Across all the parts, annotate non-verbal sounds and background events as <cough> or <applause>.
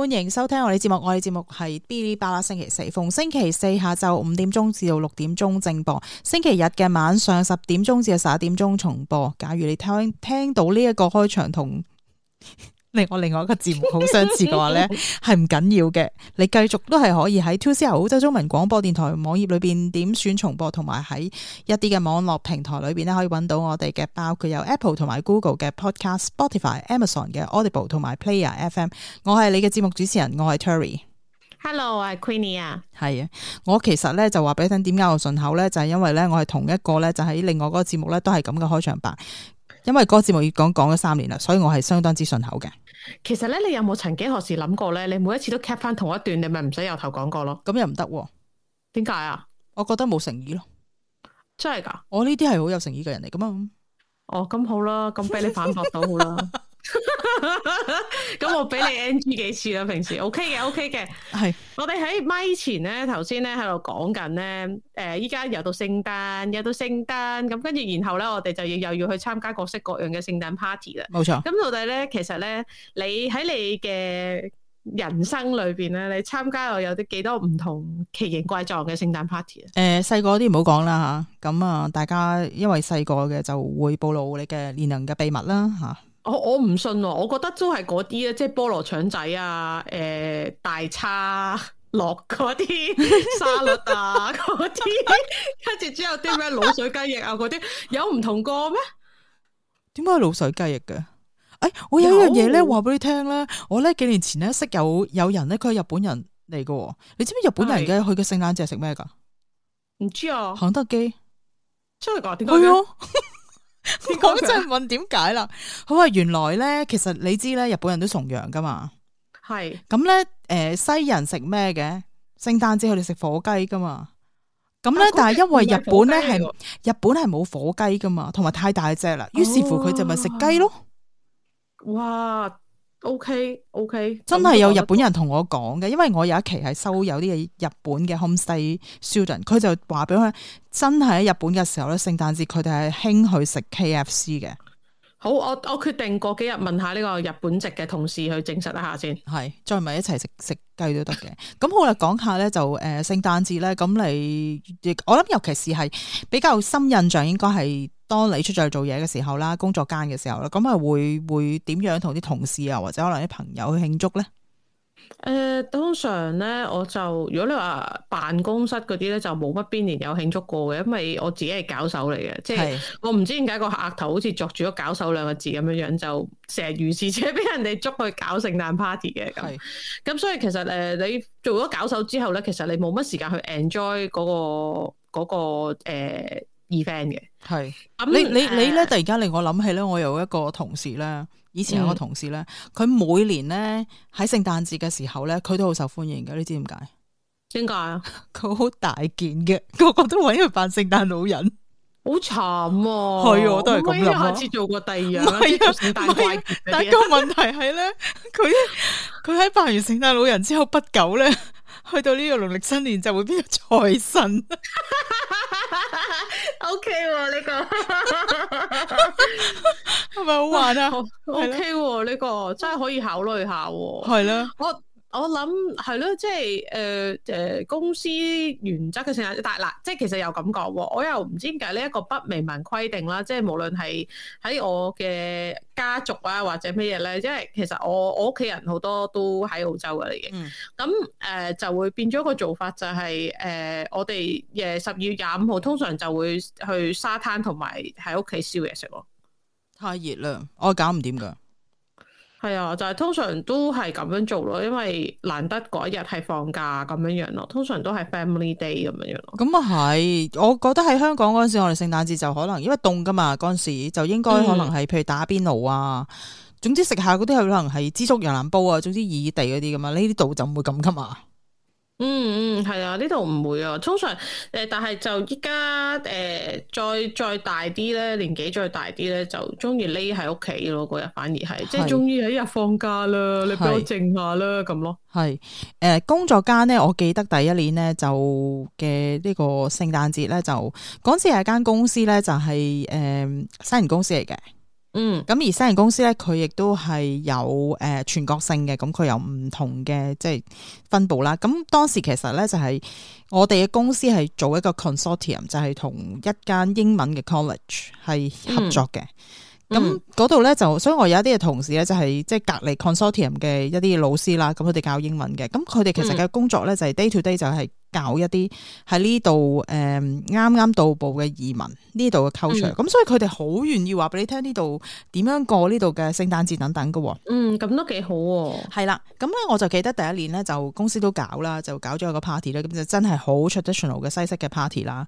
歡迎收聽我哋節目，我哋節目係嗶哩吧啦星期四逢星期四下晝五點鐘至到六點鐘正播，星期日嘅晚上十點鐘至到十一點鐘重播。假如你聽聽到呢、這、一個開場同。 <laughs> 另我另外一個節目好相似嘅話咧，係唔 <laughs> 緊要嘅，你繼續都係可以喺 t u o C 澳洲中文廣播電台網頁裏邊點選重播，同埋喺一啲嘅網絡平台裏邊咧可以搵到我哋嘅包括有 Apple 同埋 Google 嘅 Podcast、Spotify、Amazon 嘅 Audible 同埋 Player FM。我係你嘅節目主持人，我係 Terry。Hello，我係 Queenie 啊。係啊，我其實咧就話俾你聽，點解我順口咧，就係因為咧我係同一個咧就喺另外嗰個節目咧都係咁嘅開場白。因為已嗰個節目講講咗三年啦，所以我係相當之順口嘅。其實咧，你有冇曾幾何時諗過咧？你每一次都 cap 翻同一段，你咪唔使由頭講過咯。咁又唔得？點解啊？我覺得冇誠意咯。真係噶？我呢啲係好有誠意嘅人嚟噶嘛？哦，咁好啦，咁俾你反駁到好啦。 <laughs> <laughs> 咁 <laughs> 我俾你 NG 幾次啦。平時 <laughs> OK 嘅，OK 嘅係。 <laughs> 是我哋喺咪前咧，頭先咧喺度講緊咧。誒、呃，依家又到聖誕，又到聖誕咁，跟、嗯、住然後咧，我哋就要又要去參加各式各樣嘅聖誕 party 啦。冇錯錯。咁到底咧，其實咧，你喺你嘅人生裏邊咧，你參加過有啲幾多唔同奇形怪狀嘅聖誕 party 啊？誒，細個啲唔好講啦吓。咁啊，大家因為細個嘅就會暴露，露你嘅年齡嘅秘密啦吓。啊我我唔信、啊，我覺得都係嗰啲咧，即係菠蘿腸仔啊，誒、呃，大叉落嗰啲沙律啊，嗰啲，跟住之後啲咩滷水雞翼啊嗰啲，有唔同過咩？點解係滷水雞翼嘅？誒、欸，我有一樣嘢咧，話俾有你聽咧，我咧幾年前咧識有有人咧，佢係日本人嚟嘅，你知唔知日本人嘅佢嘅聖誕節係食咩噶？唔的知啊，肯德基真係噶？點解？呀 <laughs> 講真 <laughs> 問點解啦？好啊，原來咧，其實你知咧，日本人都崇洋噶嘛，係咁咧，誒、呃、西人食咩嘅？聖誕節佢哋食火雞噶嘛，咁咧哥但係因為日本咧係日本係冇火雞噶嘛，同埋太大隻啦，於是乎佢就咪食雞咯、哦。哇！O K O K，真係有日本人同我講嘅，因為我有一期係收有啲日本嘅 home stay student，佢就話俾我聽，真係喺日本嘅時候咧，聖誕節佢哋係興去食 K F C 嘅。好，我我決定過幾日問下呢個日本籍嘅同事去證實一下先。係，再咪一齊食食雞都得嘅。咁 <laughs> 好啦，講下咧就誒，聖誕節咧，咁你我諗尤其是係比較深印象，應該係。當你出咗去做嘢嘅時候啦，工作間嘅時候啦，咁係會會點樣同啲同事啊，或者可能啲朋友去慶祝咧？誒，通常咧，我就如果你話辦公室嗰啲咧，就冇乜邊年有慶祝過嘅，因為我自己係搞手嚟嘅，即係我唔知點解個額頭好似著住咗搞手兩個字咁樣樣，就成日如是者俾人哋捉去搞聖誕 party 嘅咁。咁所以其實誒，你做咗搞手之後咧，其實你冇乜時間去 enjoy 嗰個嗰個誒。嘅係、嗯，你你你咧，突然間令我諗起咧，我有一個同事咧，以前有個同事咧，佢、嗯、每年咧喺聖誕節嘅時候咧，佢都好受歡迎嘅，你知點解？點解啊？佢好大件嘅，個個都揾佢扮聖誕老人，好慘啊！係， <laughs> <laughs> 都係咁啦。下次做過第二樣，唔係啊，啊但係個問題係咧，佢佢喺扮完聖誕老人之後不久咧。去到呢個農曆新年就會變咗財神，O K 喎呢個係咪好玩啊？O K 喎呢個真係可以考慮下，係啦。我諗係咯，即係誒誒公司原則嘅事，但係嗱，即係其實又咁講，我又唔知點解呢一個不明文規定啦，即係無論係喺我嘅家族啊或者咩嘢咧，即係其實我我屋企人好多都喺澳洲嘅嚟嘅，咁誒、嗯呃、就會變咗個做法就係、是、誒、呃、我哋嘢十二月廿五號通常就會去沙灘同埋喺屋企燒嘢食咯，太熱啦，我、哦、搞唔掂噶。係啊，就係通常都係咁樣做咯，因為難得嗰一日係放假咁樣樣咯，通常都係 family day 咁樣樣咯。咁啊係，我覺得喺香港嗰陣時我哋聖誕節就可能因為凍噶嘛，嗰陣時就應該可能係譬如打邊爐啊，總之食下嗰啲可能係枝竹羊腩煲啊，總之熱地嗰啲咁嘛，呢啲度就唔會咁噶嘛。 <noise> <noise> 嗯嗯，係啊，呢度唔會啊。通常，誒，但係就依家，誒，再再大啲咧，年紀再大啲咧，就中意匿喺屋企咯。嗰日反而係，是即係終於喺日放假啦，是你俾我靜下啦，咁咯。係，誒，工作間咧，我記得第一年咧就嘅呢個聖誕節咧，就嗰陣時係間公司咧，就係誒私人公司嚟嘅。嗯，咁而私人公司咧，佢亦都係有誒、呃、全國性嘅，咁佢有唔同嘅即係分布啦。咁當時其實咧就係、是、我哋嘅公司係做一個 consortium，就係同一間英文嘅 college 係合作嘅。咁嗰度咧就，所以我有一啲嘅同事咧就係即係隔籬 consortium 嘅一啲老師啦。咁佢哋教英文嘅，咁佢哋其實嘅工作咧就係、是、day to day 就係、是。搞一啲喺呢度，誒，啱啱到埗嘅移民呢度嘅 culture，咁所以佢哋好願意話俾你聽呢度點樣過呢度嘅聖誕節等等噶。嗯，咁都幾好啊。係啦，咁咧我就記得第一年咧就公司都搞啦，就搞咗個 party 咧，咁就真係好 traditional 嘅西式嘅 party 啦。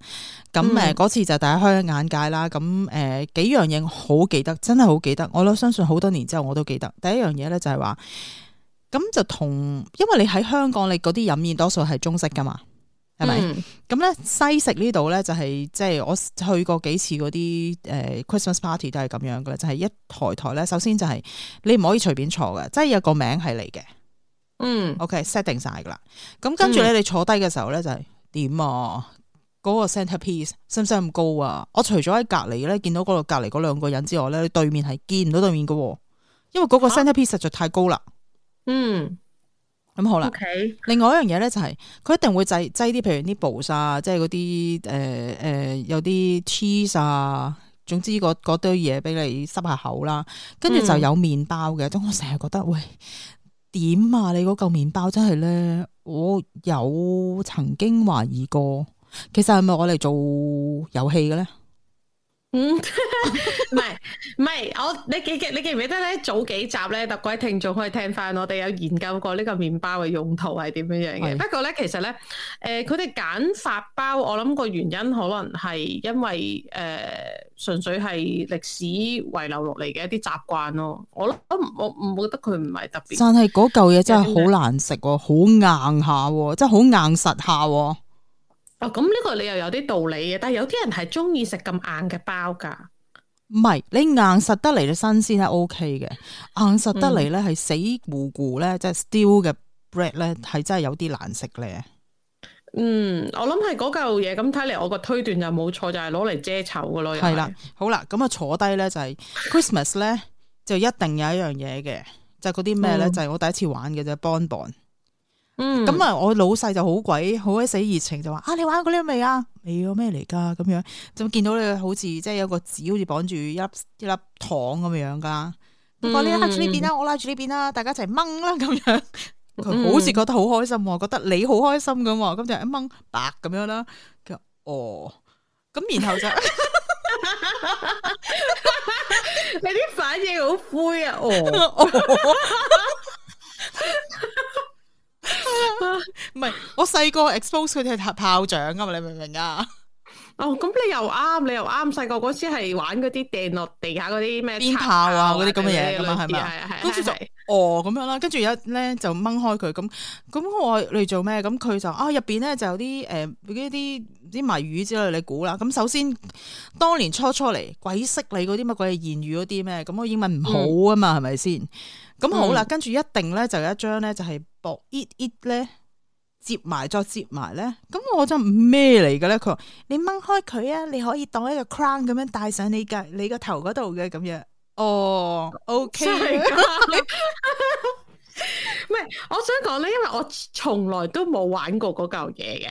咁誒、嗰、嗯、次就大家開眼界啦。咁誒、呃，幾樣嘢好記得，真係好記得。我諗相信好多年之後我都記得。第一樣嘢咧就係話，咁就同，因為你喺香港你嗰啲飲宴多數係中式噶嘛。係咪？咁咧、mm. 西食呢度咧就係即係我去過幾次嗰啲誒 Christmas party 都係咁樣噶，就係、是、一台台咧。首先就係你唔可以隨便坐噶，即、就、係、是、有個名係嚟嘅。嗯，OK，setting 晒噶啦。咁跟住咧，你坐低嘅時候咧就係、是、點、mm. 啊？嗰、那個 center piece 使唔使咁高啊！我除咗喺隔籬咧見到嗰度隔籬嗰兩個人之外咧，你對面係見唔到對面噶，因為嗰個 center piece 實在太高啦。嗯、啊。Mm. 咁好啦，Okay. 另外一樣嘢咧就係、是、佢一定會擠擠啲，譬如啲薄沙，即係嗰啲誒誒，有啲 cheese 啊，總之嗰堆嘢俾你濕下口啦，跟住就有麵包嘅。咁、嗯、我成日覺得喂，點啊？你嗰嚿麵包真係咧，我有曾經懷疑過，其實係咪我嚟做遊戲嘅咧？唔係唔係，我你記記你記唔記得咧？早幾集咧，特鬼位聽眾可以聽翻，我哋有研究過呢個麵包嘅用途係點樣樣嘅。是不過咧，其實咧，誒、呃，佢哋揀法包，我諗個原因可能係因為誒，純、呃、粹係歷史遺留落嚟嘅一啲習慣咯。我我我唔覺得佢唔係特別。但係嗰嚿嘢真係好難食，好為硬下，即係好硬實硬下。哦，咁呢個你又有啲道理嘅，但係有啲人係中意食咁硬嘅包噶。唔係，你硬實得嚟嘅新鮮係 OK 嘅，硬實得嚟咧係死糊糊咧，嗯、即係 still 嘅 bread 咧係真係有啲難食咧。嗯，我諗係嗰嚿嘢，咁睇嚟我個推斷就冇錯，就係攞嚟遮醜噶咯。係啦，好啦，咁啊坐低咧就係、是、Christmas 咧就一定有一樣嘢嘅，就係嗰啲咩咧，就係、是、我第一次玩嘅啫 bonbon 嗯，咁啊，我老細就好鬼好鬼死熱情，就話啊，你玩過呢個未啊？未啊咩嚟噶？咁樣就見到你好似即係有個紙，好似綁住一粒一粒糖咁樣噶。咁話、嗯、你拉住呢邊啦，我拉住呢邊啦，大家一齊掹啦咁樣。佢好似覺得好開心，嗯、覺得你好開心咁，咁就一掹白咁樣啦。哦，咁然後就 <laughs> <laughs> <laughs> 你啲反應好灰啊，哦。 <laughs> <laughs> 唔係， <laughs> 我細個 expose 佢哋係炮仗啊嘛，你明唔明啊？哦，咁你又啱，你又啱。細個嗰時係玩嗰啲掟落地下嗰啲咩鞭炮啊，嗰啲咁嘅嘢噶嘛，係咪啊？跟住就哦咁樣啦，跟住有咧就掹開佢咁，咁我你做咩？咁佢就啊入邊咧就有啲誒嗰啲啲謎語之類，你估啦。咁首先當年初初嚟，鬼識你嗰啲乜鬼言語嗰啲咩？咁我英文唔好啊嘛，係咪先？咁好啦，跟住、嗯、 <noise> 一定咧就有一張咧就係薄 it it 咧，接埋再接埋咧，咁 <noise> 我真咩嚟嘅咧？佢話你掹開佢啊，你可以當一個 crown 咁樣戴上你嘅你個頭嗰度嘅咁樣。哦、oh,，OK。唔係的， <laughs> <laughs> <laughs> 我想講咧，因為我從來都冇玩過嗰嚿嘢嘅，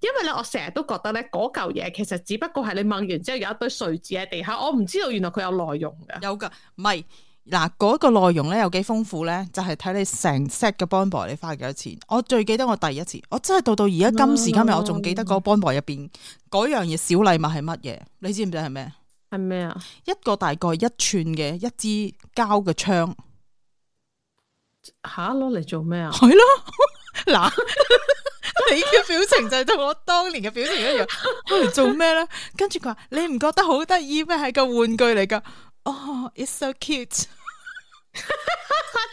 因為咧我成日都覺得咧嗰嚿嘢其實只不過係你掹完之後有一堆碎紙喺地下，我唔知道原來佢有內容噶。有噶，唔係。嗱，嗰個內容咧有幾豐富咧，就係、是、睇你成 set 嘅 bon bon 你花幾多錢。我最記得我第一次，我真係到到而家、嗯嗯、今時今日，嗯嗯、我仲記得嗰 bon bon 入邊嗰樣嘢小禮物係乜嘢？你知唔知係咩？係咩啊？一個大概一寸嘅一支膠嘅槍嚇，攞嚟做咩啊？係咯，嗱，你嘅了 <laughs> 喏 <laughs> 表情就係同我當年嘅表情一樣。攞嚟做咩咧？跟住佢話：你唔覺得好得意咩？係個玩具嚟噶。哦、oh，it's so cute。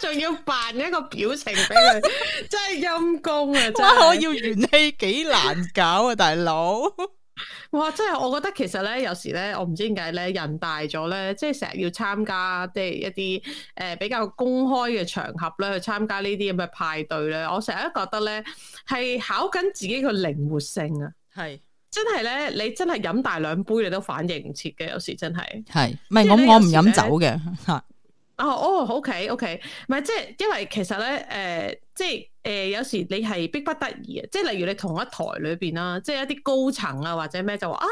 仲 <laughs> 要扮一個表情俾佢， <laughs> 真係陰功啊！真係，我要元氣幾難搞啊，大佬！哇，真係，我覺得其實咧，有時咧，我唔知點解咧，人大咗咧，即係成日要參加即係一啲誒比較公開嘅場合咧，去參加呢啲咁嘅派對咧，我成日都覺得咧係考緊自己個靈活性啊！係是真係咧，你真係飲大兩杯，你都反應唔切嘅，有時真係係唔係我我唔飲酒嘅吓。啊哦，哦，OK，OK，唔係即係，因為其實咧，誒。即係誒，有時你係逼不得已啊！即係例如你同一台裏邊啦，即係一啲高層啊或者咩就話啊，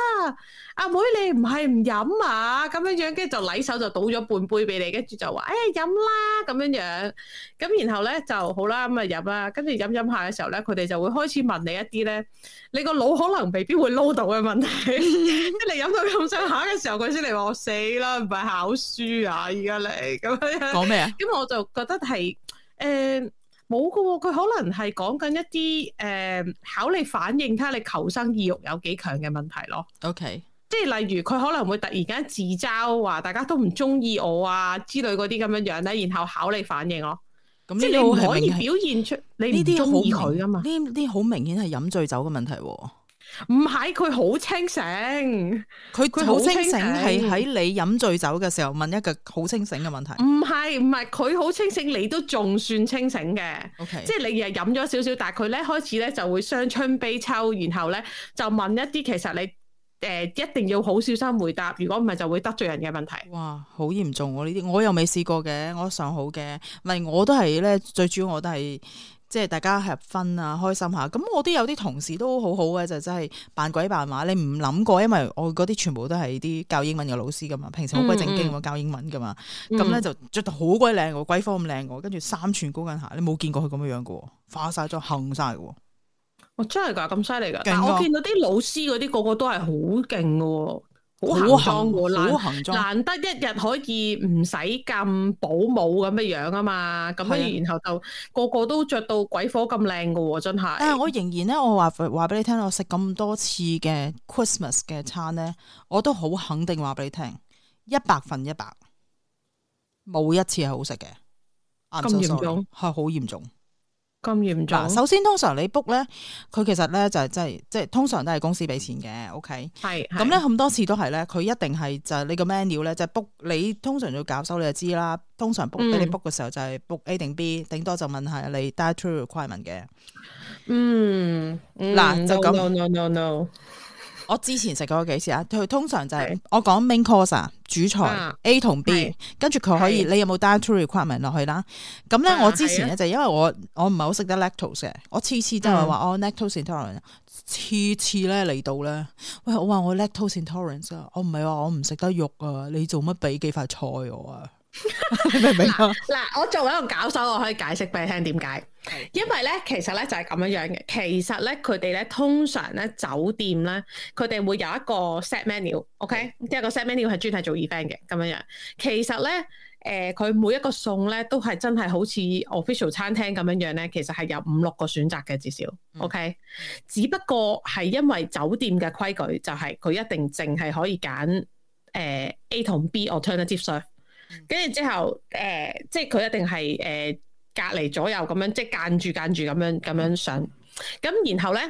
阿妹你唔係唔飲啊咁樣樣，跟住就禮手就倒咗半杯俾你，跟住就話哎飲啦咁樣樣。咁然後咧就好啦，咁啊飲啦，跟住飲飲下嘅時候咧，佢哋就會開始問你一啲咧，你個腦可能未必會撈到嘅問題。即係你飲到咁上下嘅時候，佢先嚟話我死啦，唔係考書啊，而家嚟咁樣。講咩啊？咁我就覺得係誒。冇噶喎，佢可能係講緊一啲誒、呃，考你反應，睇下你求生意欲有幾強嘅問題咯。OK，即係例如佢可能會突然間自嘲話，大家都唔中意我啊之類嗰啲咁樣樣咧，然後考你反應咯。咁、嗯、即係你可以表現出你呢啲中意佢啊嘛？呢啲好明顯係飲醉酒嘅問題、啊。唔係佢好清醒，佢佢好清醒係喺你飲醉酒嘅時候問一個好清醒嘅問題。唔係唔係，佢好清醒，你都仲算清醒嘅。Okay. 即係你日飲咗少少，但係佢咧開始咧就會傷春悲秋，然後咧就問一啲其實你誒、呃、一定要好小心回答，如果唔係就會得罪人嘅問題。哇，好嚴重喎、啊！呢啲我又未試過嘅，我上好嘅，唔係我都係咧，最主要我都係。即係大家合分啊，開心下。咁我都有啲同事都好好、啊、嘅，就真、是、係扮鬼扮馬。你唔諗過，因為我嗰啲全部都係啲教英文嘅老師噶嘛，平時好鬼正經嘅嘛，嗯、教英文噶嘛。咁咧、嗯、就着到好鬼靚，鬼火咁靚，跟住三吋高跟鞋，你冇見過佢咁樣樣嘅，化晒咗，行晒嘅、哦。真係噶，咁犀利噶但係我見到啲老師嗰啲個個都係好勁嘅。好隆重，行難 <noise> 難得一日可以唔使咁保姆咁嘅樣啊嘛，咁的然後就個個都着到鬼火咁靚嘅，真係。但、哎、我仍然咧，我話話俾你聽，我食咁多次嘅 Christmas 嘅餐咧，我都好肯定話俾你聽，一百分一百，冇一次係好食嘅。咁嚴重係好嚴重。咁嚴重。首先通常你 book 咧，佢其實咧就係即係即係，通常都係公司俾錢嘅。OK。係。咁咧咁多次都係咧，佢一定係就係你個 menu 咧就 book。你通常要搞收你就知啦。通常 book 俾、嗯、你 book 嘅時候就係 book A 定 B，頂多就問下你 dietary requirement 嘅、嗯。嗯。嗱就咁。no no no no, no. 我之前食過幾次啊，佢通常就係我講 main course 啊，主菜 A 同和 B，的跟住佢可以，的你有冇 dietary requirement 落的去啦？咁咧的我之前咧就的因為我我唔係好食得 lactose 嘅，我，我次我的次真係話哦 lactose intolerance，次次咧嚟到咧，喂我話我 lactose intolerance 啊，我唔係話我唔食得肉啊，你做乜俾幾塊菜我啊？嗱 <laughs> 我作為一個搞手，我可以解釋俾你聽點解。因為咧，其實咧就係、是、咁樣樣嘅。其實咧，佢哋咧通常咧酒店咧，佢哋會有一個 set menu，OK，、okay? 即係、嗯、個 set menu 係專係做 event 嘅咁樣樣。其實咧，誒、呃，佢每一個餸咧都係真係好似 official 餐廳咁樣樣咧。其實係有五六個選擇嘅至少，OK、嗯。只不過係因為酒店嘅規矩，就係、是、佢一定淨係可以揀誒、呃、A 同 B alternative serve 跟住之後，誒、呃，即係佢一定係誒、呃、隔離左右咁樣，即係間住間住咁樣咁樣上。咁然後咧，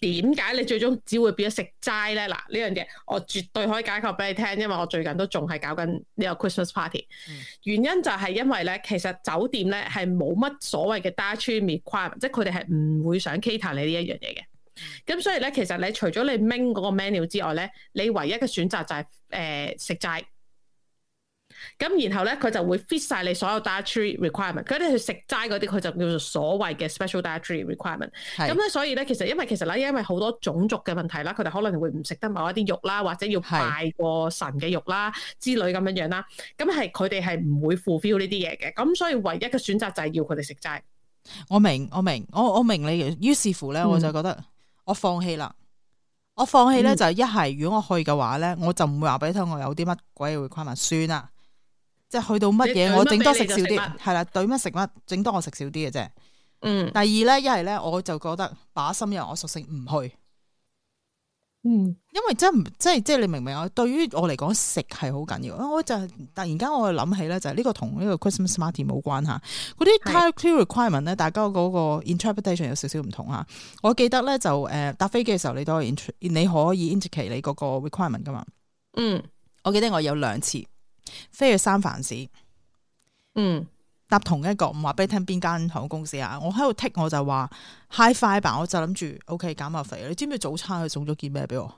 點解你最終只會變咗食齋咧？嗱，呢樣嘢我絕對可以解惑俾你聽，因為我最近都仲係搞緊呢個 Christmas party。嗯、原因就係因為咧，其實酒店咧係冇乜所謂嘅 dietary requirement，即係佢哋係唔會想 cater 你呢一樣嘢嘅。咁所以咧，其實除你除咗你 mean 嗰個 menu 之外咧，你唯一嘅選擇就係、是、誒、呃呃、食齋。咁然後咧，佢就會 fit 晒你所有 dietary requirement 是。佢哋去食齋嗰啲，佢就叫做所謂嘅 special dietary requirement。咁咧是，所以咧，其實因為其實咧，因為好多種族嘅問題啦，佢哋可能會唔食得某一啲肉啦，或者要拜過神嘅肉啦是之類咁樣樣啦。咁係佢哋係唔會 fulfill 呢啲嘢嘅。咁所以唯一嘅選擇就係要佢哋食齋。我我明我，我明，我我明你。於是乎咧，我就覺得、嗯、我放棄啦。我放棄咧，嗯、就一係如果我去嘅話咧，我就唔會話俾佢我有啲乜鬼 requirement 算啦。即係去到乜嘢，我整多食少啲，係啦，對乜食乜，整多我食少啲嘅啫。嗯，第二咧，一係咧，我就覺得把心入我熟性唔去。嗯，因為真唔，即係即係，你明唔明啊？對於我嚟講，食係好緊要。我就突然間我諗起咧，就係、是、呢個同呢個 Christmas m a r、啊、t i e 冇關係。嗰啲 Type Two Requirement 咧是，大家嗰個 Interpretation 有少少唔同啊。我記得咧就誒、呃、搭飛機嘅時候，你都可以你可以 interpret 你嗰個 Requirement 噶嘛。嗯，我記得我有兩次。飛去三藩市，嗯，搭同一個，唔話俾你聽邊間航空公司啊，我喺度剔我就話 high fiber 吧，我就諗住，OK 減下肥，肥，你知唔知早餐佢送咗件咩俾我？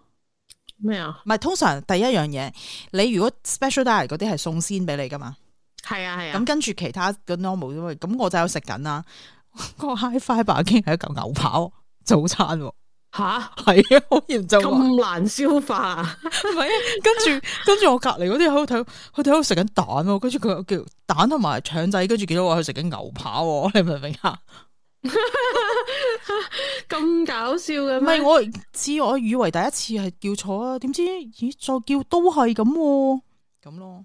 咩啊麼？唔係通常第一樣嘢，你如果 special diet 嗰啲係送先俾你噶嘛？係啊係啊，咁、啊、跟住其他嘅 normal 咁，我就有食緊啦。啊、 <laughs> 個 high fiber 吧，已經係一嚿牛扒早餐。吓，係啊，好嚴重啊，咁難消化、啊，係、 <laughs> 啊，跟住跟住我隔籬嗰啲喺度睇，佢睇喺度食緊蛋咯，跟住佢叫蛋同埋腸仔，跟住見到我去食緊牛扒，你明唔明啊？咁 <laughs> <laughs> 搞笑嘅唔係我知，我以為第一次係叫錯啊，點知咦再叫都係咁，咁咯。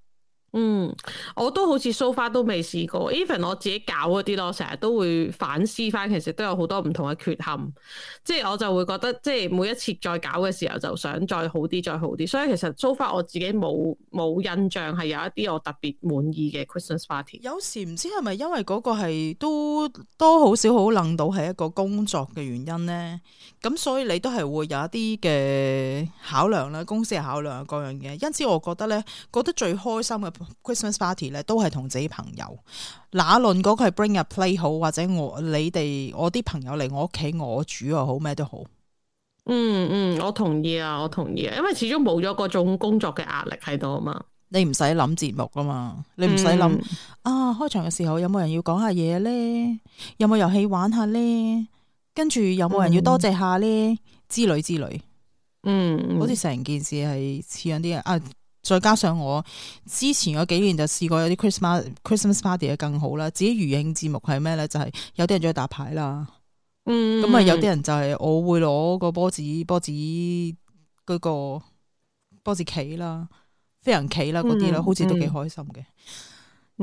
嗯，我都好似 so far 都未試過，even 我自己搞嗰啲咯，成日都會反思翻，其實都有好多唔同嘅缺陷，即係我就會覺得，即係每一次再搞嘅時候，就想再好啲，再好啲。所以其實 so far 我自己冇冇印象係有一啲我特別滿意嘅 Christmas party。有時唔知係咪因為嗰個係都多好少好冷到係一個工作嘅原因咧。.咁所以你都係會有一啲嘅考量啦，公司嘅考量各樣嘢，因此我覺得咧，覺得最開心嘅 Christmas party 咧，都係同自己朋友，哪論嗰個係 bring a play 好，或者我你哋我啲朋友嚟我屋企我煮又好咩都好。嗯嗯，我同意啊，我同意啊！因為始終冇咗嗰種工作嘅壓力喺度啊嘛。你唔使諗節目啊嘛，你唔使諗啊，開場嘅時候有冇人要講下嘢咧？有冇遊戲玩下咧？跟住有冇人要多謝下呢？之類、嗯、之類，嗯，嗯，好似成件事係似樣啲啊！再加上我之前嗰幾年就試過有啲 Christmas Christmas party 嘅更好啦。自己餘興節目係咩咧？就係、是、有啲人中意打牌啦，咁啊、嗯、有啲人就係我會攞個波子波子嗰個波子棋啦、飛人棋啦嗰啲啦，嗯嗯、好似都幾開心嘅。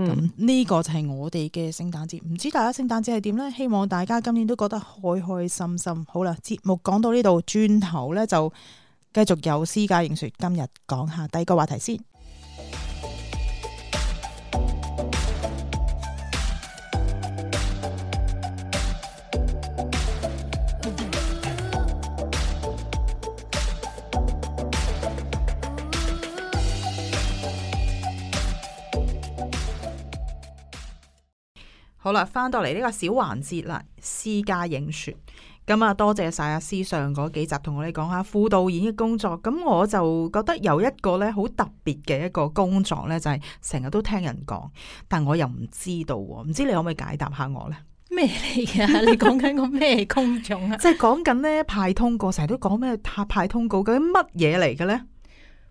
嗯，呢個就係我哋嘅聖誕節，唔知大家聖誕節係點呢？希望大家今年都覺得開開心心。好啦，節目講到呢度，轉頭呢就繼續有詩家影說，今日講下第二個話題先。好啦，翻到嚟呢個小環節啦，詩家影說，咁、嗯、啊多謝晒啊詩上嗰幾集同我哋講下副導演嘅工作，咁我就覺得有一個咧好特別嘅一個工作咧，就係成日都聽人講，但我又唔知道喎，唔知你可唔可以解答下我咧？咩嚟噶？你講緊個咩工種啊？即係講緊咧派通告，成日都講咩派通告究竟乜嘢嚟嘅咧？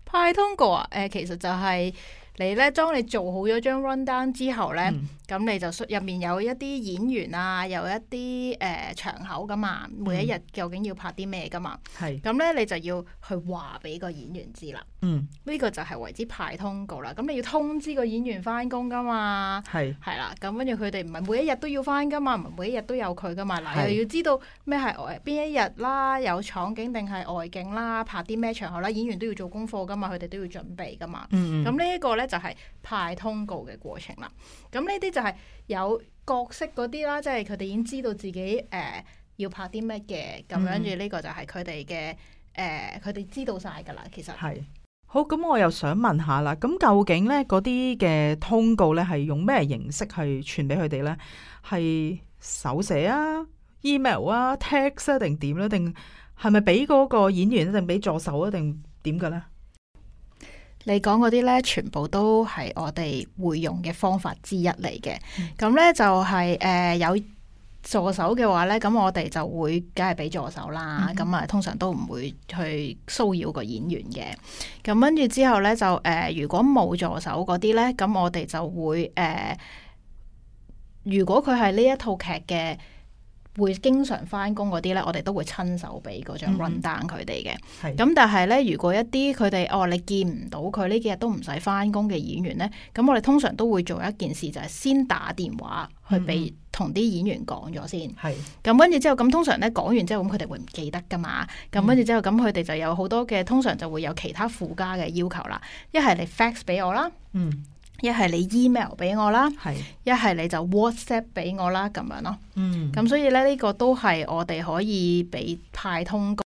派通告啊？誒，其實就係你咧，當你做好咗張 run down 之後咧。嗯咁你就入面有一啲演員啊，有一啲誒、呃、場口噶嘛，每一日究竟要拍啲咩噶嘛？係、嗯。咁咧你就要去話俾個演員知啦。嗯。呢個就係為之派通告啦。咁你要通知個演員翻工噶嘛？係、嗯。係啦。咁跟住佢哋唔係每一日都要翻噶嘛？唔係每一日都有佢噶嘛？嗱，嗯、又要知道咩係外邊一日啦，有場景定係外景啦，拍啲咩場口啦，演員都要做功課噶嘛，佢哋都要準備噶嘛嗯。嗯。咁呢一個咧就係派通告嘅過程啦。咁呢啲就係有角色嗰啲啦，即係佢哋已經知道自己誒、呃、要拍啲咩嘅，咁跟住呢個就係佢哋嘅誒，佢、呃、哋知道晒噶啦，其實係好咁，我又想問下啦，咁究竟咧嗰啲嘅通告咧係用咩形式去傳俾佢哋咧？係手寫啊、email 啊、text 定點咧？定係咪俾嗰個演員定、啊、俾助手啊？定點嘅咧？你講嗰啲咧，全部都係我哋會用嘅方法之一嚟嘅。咁咧、嗯、就係、是、誒、呃、有助手嘅話咧，咁我哋就會梗係俾助手啦。咁啊、嗯，通常都唔會去騷擾個演員嘅。咁跟住之後咧就誒、呃，如果冇助手嗰啲咧，咁我哋就會誒、呃，如果佢係呢一套劇嘅。會經常返工嗰啲咧，我哋都會親手俾嗰張 rundown 佢哋嘅。咁、嗯、但係咧，如果一啲佢哋哦，你見唔到佢呢幾日都唔使返工嘅演員咧，咁我哋通常都會做一件事，就係、是、先打電話去俾同啲演員講咗先。係咁跟住之後，咁通常咧講完之後，咁佢哋會唔記得㗎嘛？咁跟住之後，咁佢哋就有好多嘅，通常就會有其他附加嘅要求啦。一係你 fax 俾我啦。嗯。一係你 email 俾我啦，一係是你就 WhatsApp 俾我啦，咁樣咯。嗯，咁所以咧呢、呢個都係我哋可以俾派通告，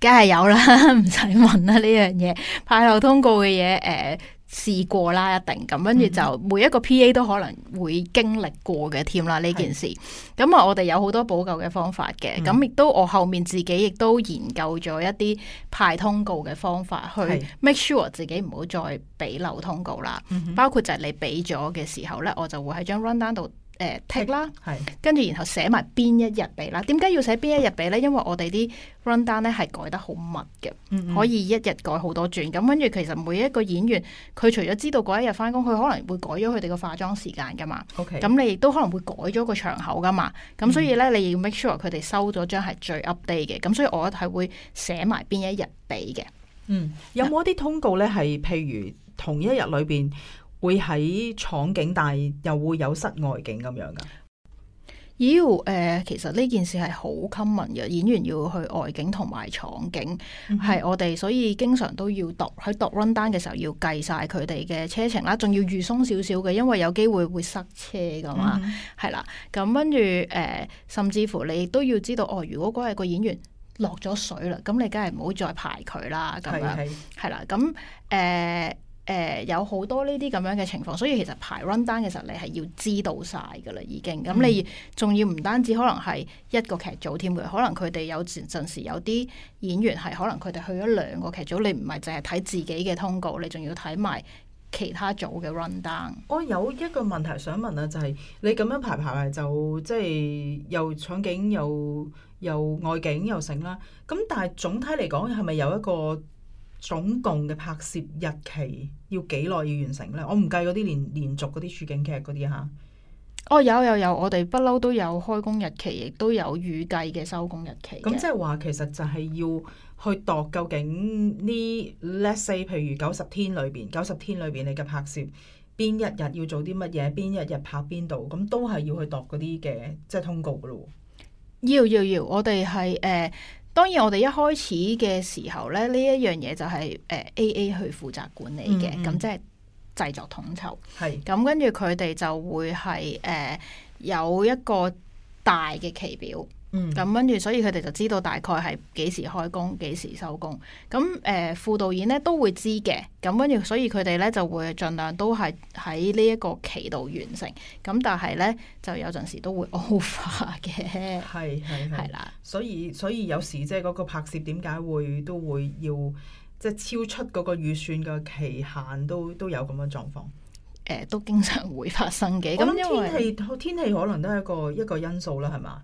梗係有啦，唔使問啦呢樣嘢，派漏通告嘅嘢，誒、呃。試過啦，一定咁，跟住就每一個 PA 都可能會經歷過嘅添啦呢件事。咁啊，我哋有好多補救嘅方法嘅。咁亦、mm hmm. 都我後面自己亦都研究咗一啲派通告嘅方法，去 make sure 自己唔好再俾漏通告啦。Mm hmm. 包括就係你俾咗嘅時候呢，我就會喺張 run down 度。誒啦，呃、ick, 是跟住然後寫埋邊一日俾啦。點解要寫邊一日俾呢？因為我哋啲 run 單咧係改得好密嘅，嗯嗯可以一日改好多轉。咁跟住其實每一個演員，佢除咗知道嗰一日翻工，佢可能會改咗佢哋個化妝時間噶嘛。咁 Okay. 你亦都可能會改咗個長口噶嘛。咁所以咧，嗯、你要 make sure 佢哋收咗張係最 update 嘅。咁所以我係會寫埋邊一日俾嘅。嗯，嗯有冇一啲通告咧？係譬如同一日裏邊，會喺廠景，但係又會有室外景咁樣噶。妖，誒，其實呢件事係好 common 嘅，演員要去外景同埋廠景，係、mm hmm. 我哋所以經常都要度喺度 run down 嘅時候要計晒佢哋嘅車程啦，仲要預鬆少少嘅，因為有機會會塞車噶嘛。係、mm hmm. 嗯、啦，咁跟住誒，uh, 甚至乎你亦都要知道，哦，如果嗰日個演員落咗水了啦，咁你梗係唔好再排佢啦，咁樣係啦，咁、嗯、誒。嗯嗯嗯嗯嗯嗯誒、呃、有好多呢啲咁樣嘅情況，所以其實排 run down 嘅時候，你係要知道晒㗎喇，已經咁你仲要唔單止可能係一個劇組添嘅，可能佢哋有陣時有啲演員係可能佢哋去咗兩個劇組，你唔係淨係睇自己嘅通告，你仲要睇埋其他組嘅 run down。我有一個問題想問啊，就係、是、你咁樣排排就即係又場景又又外景又成啦，咁但係總體嚟講係咪有一個？總共嘅拍攝日期要幾耐要完成呢？我唔計嗰啲連連續嗰啲處境劇嗰啲吓。哦，有有有，我哋不嬲都有開工日期，亦都有預計嘅收工日期。咁即係話，其實就係要去度究竟呢？Let’s say，譬如九十天裏邊，九十天裏邊你嘅拍攝邊一日要做啲乜嘢？邊一日拍邊度？咁都係要去度嗰啲嘅，即係通告噶咯。要要要，我哋係誒。呃當然，我哋一開始嘅時候咧，呢一樣嘢就係誒 AA 去負責管理嘅，咁、嗯嗯、即係製作統籌。係咁是跟住佢哋就會係誒、呃、有一個大嘅期表。嗯，咁跟住，所以佢哋就知道大概係幾時開工，幾時收工。咁誒、呃，副導演咧都會知嘅。咁跟住，所以佢哋咧就會盡量都係喺呢一個期度完成。咁但係咧，就有陣時都會 over 嘅。係係係啦。所以所以有時即係嗰個拍攝點解會都會要即係、就是、超出嗰個預算嘅期限，都都有咁嘅狀況。誒、呃，都經常會發生嘅。咁因為天氣天氣可能都係一個一個因素啦，係嘛？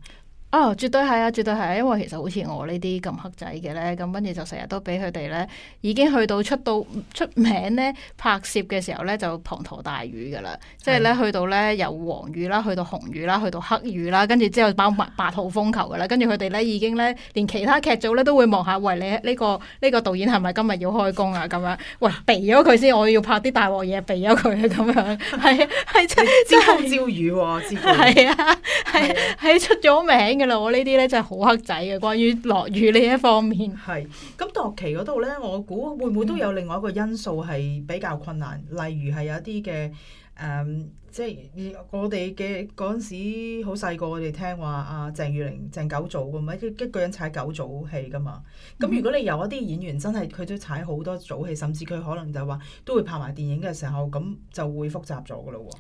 哦，絕對係啊，絕對係，因為其實好似我呢啲咁黑仔嘅咧，咁跟住就成日都俾佢哋咧，已經去到出到出名咧拍攝嘅時候咧，就滂沱大雨噶啦，即係咧去到咧由黃雨啦，去到紅雨啦，去到黑雨啦，跟住之後包埋八號風球噶啦，跟住佢哋咧已經咧，連其他劇組咧都會望下，喂你呢個呢個導演係咪今日要開工啊？咁樣，喂避咗佢先，我要拍啲大鑊嘢，避咗佢咁樣，係 <laughs> <laughs> 啊係真招風招雨喎，係啊係係出咗名。我呢啲咧真係好黑仔嘅，關於落雨呢一方面。係咁，當期嗰度咧，我估會唔會都有另外一個因素係比較困難，嗯、例如係有一啲嘅誒，即係我哋嘅嗰陣時好細個，我哋聽話阿、啊、鄭裕玲、鄭九組咁樣，一一個人踩九組戲㗎嘛。咁如果你有一啲演員真係佢都踩好多組戲，甚至佢可能就話都會拍埋電影嘅時候，咁就會複雜咗㗎咯喎。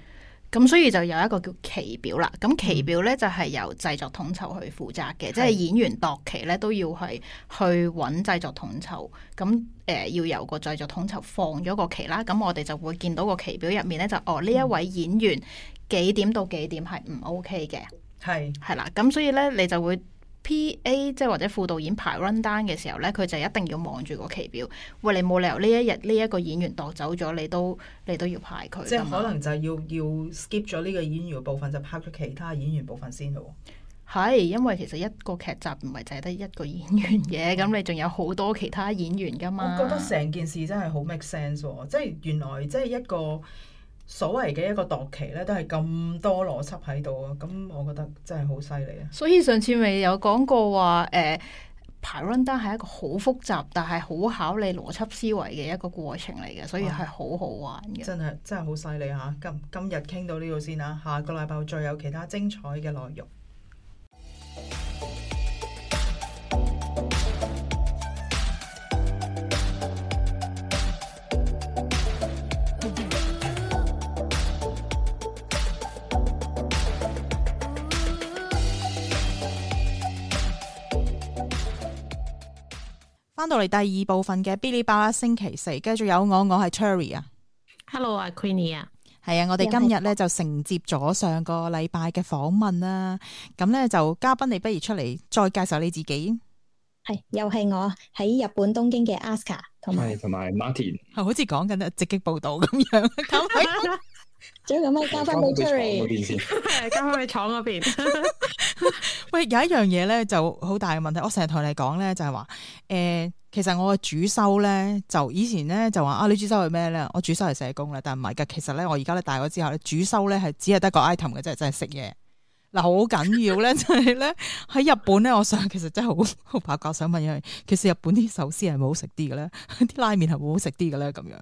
咁所以就有一個叫期表啦，咁期表咧就係、是、由製作統籌去負責嘅，嗯、即係演員度期咧都要係去揾製作統籌，咁誒、呃、要由個製作統籌放咗個期啦，咁我哋就會見到個期表入面咧就哦呢一位演員幾點到幾點係唔 OK 嘅，係係是啦，咁所以咧你就會。P.A. 即係或者副導演排 run down 嘅時候呢，佢就一定要望住個期表。喂，你冇理由呢一日呢一，這個演員度走咗，你都你都要排佢。即係可能就要要 skip 咗呢個演員嘅部分，就拍咗其他演員部分先咯。係因為其實一個劇集唔係淨係得一個演員嘅，咁、嗯、你仲有好多其他演員噶嘛。我覺得成件事真係好 make sense、哦、即係原來即係一個。所謂嘅一個度期咧，都係咁多邏輯喺度啊！咁我覺得真係好犀利啊！所以上次咪有講過話，誒、呃，排 run down 係一個好複雜，但係好考你邏輯思維嘅一個過程嚟嘅，所以係好好玩嘅、啊。真係真係好犀利吓！今今日傾到呢度先啦、啊，下個禮拜再有其他精彩嘅內容。翻到嚟第二部分嘅 Bilibala 星期四繼續有我，我係 Terry 啊，Hello 啊，Queenie 啊，係啊，我哋今日咧就承接咗上個禮拜嘅訪問啦，咁咧就嘉賓你不如出嚟，再介紹你自己，係又係我喺日本東京嘅 Asuka，同埋同埋 Martin，係、哦、好似講緊直擊報道咁樣。 <laughs> <laughs> <laughs> 將咁樣交翻俾 Joy，交翻俾廠嗰邊。 <laughs> <laughs> 喂，有一樣嘢咧就好大嘅問題，我成日同你講咧就係、是、話，誒、欸，其實我嘅主修咧就以前咧就話啊，你主修係咩咧？我主修係社工咧，但係唔係噶。其實咧我而家咧大咗之後咧，主修咧係只係得個 item 嘅，即係真係食嘢。嗱，好緊要咧，就係咧喺日本咧，我想其實真係好好八卦， <laughs> <laughs> 想問一，其實日本啲壽司係咪好食啲嘅咧？啲 <laughs> 拉麵係咪好食啲嘅咧？咁樣。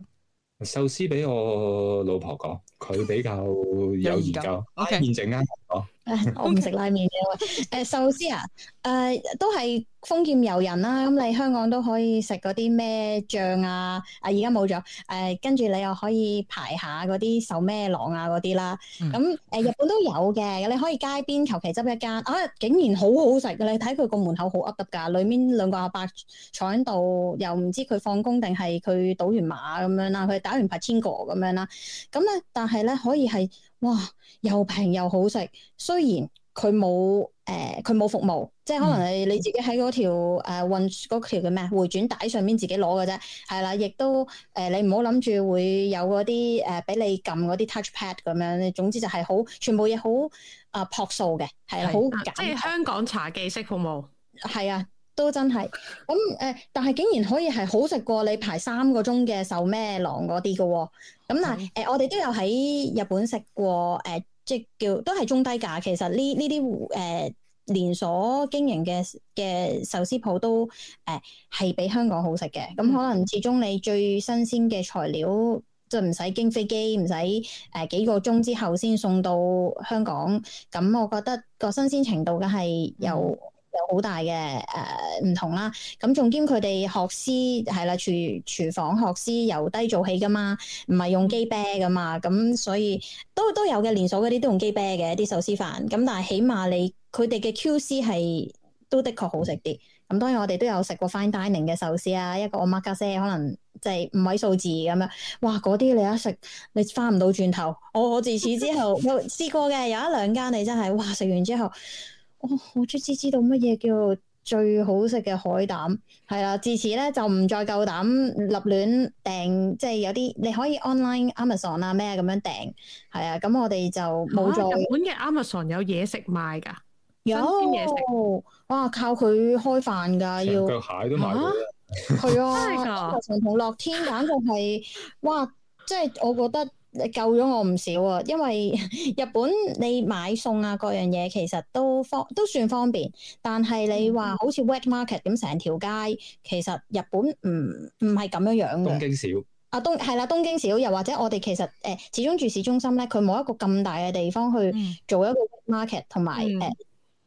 壽司俾我老婆講，佢比較有研究，嚴謹、okay. 啊。 <laughs> 啊、我唔食拉麵嘅。誒、呃、壽司啊，誒、呃、都係封建遊人啦。咁、嗯、你香港都可以食嗰啲咩醬啊？啊而家冇咗。誒跟住你又可以排下嗰啲壽咩郎啊嗰啲啦。咁、嗯、誒、嗯呃、日本都有嘅，你可以街邊求其執一間啊，竟然好好食嘅。你睇佢個門口好噏揼㗎，裏面兩個阿伯坐喺度，又唔知佢放工定係佢賭完馬咁樣啦，佢打完柏青哥咁樣啦。咁、嗯、咧，但係咧可以係。哇！又平又好食，雖然佢冇誒佢冇服務，即係可能你你自己喺嗰條誒運嗰條叫咩迴轉帶上面自己攞嘅啫，係啦，亦都誒你唔好諗住會有嗰啲誒俾你撳嗰啲 touchpad 咁樣，總之就係好全部嘢好啊樸素嘅，係啦，好簡即係香港茶記式服務係啊，都真係咁誒，但係竟然可以係好食過你排三個鐘嘅壽咩郎嗰啲嘅喎。咁嗱，誒、嗯呃、我哋都有喺日本食過，誒、呃、即叫都係中低價。其實呢呢啲誒連鎖經營嘅嘅壽司鋪都誒係、呃、比香港好食嘅。咁可能始終你最新鮮嘅材料就唔使經飛機，唔使誒幾個鐘之後先送到香港。咁我覺得個新鮮程度嘅係有。嗯有好大嘅誒唔同啦，咁、嗯、仲兼佢哋學師係啦，廚廚房學師由低做起㗎嘛，唔係用機啤㗎嘛，咁、嗯、所以都都有嘅連鎖嗰啲都用機啤嘅啲壽司飯，咁、嗯、但係起碼你佢哋嘅 QC 係都的確好食啲。咁、嗯、當然我哋都有食過 fine dining 嘅壽司啊，一個 omakase 可能就係五位數字咁樣，哇！嗰啲你一食你返唔到轉頭。我我自此之後有 <laughs> 試過嘅有一兩間，你真係哇！食完之後。哦、我我最次知道乜嘢叫最好食嘅海膽，係啦，自此咧就唔再夠膽立亂訂，即係有啲你可以 online Amazon 啊咩咁樣訂，係啊，咁我哋就冇做。日本嘅 Amazon 有嘢食賣噶，有嘢、哦、哇靠佢開飯噶要。鞋都賣啦，係啊， <laughs> 的真係噶。好樂天簡、就是，簡直係哇！即係我覺得。你救咗我唔少啊！因為日本你買餸啊，各樣嘢其實都方都算方便，但係你話好似 wet market 咁成條街，其實日本唔唔係咁樣樣嘅、啊。東京少啊，東係啦，東京少，又或者我哋其實誒、呃、始終住市中心咧，佢冇一個咁大嘅地方去做一個 wet market 同埋誒。嗯呃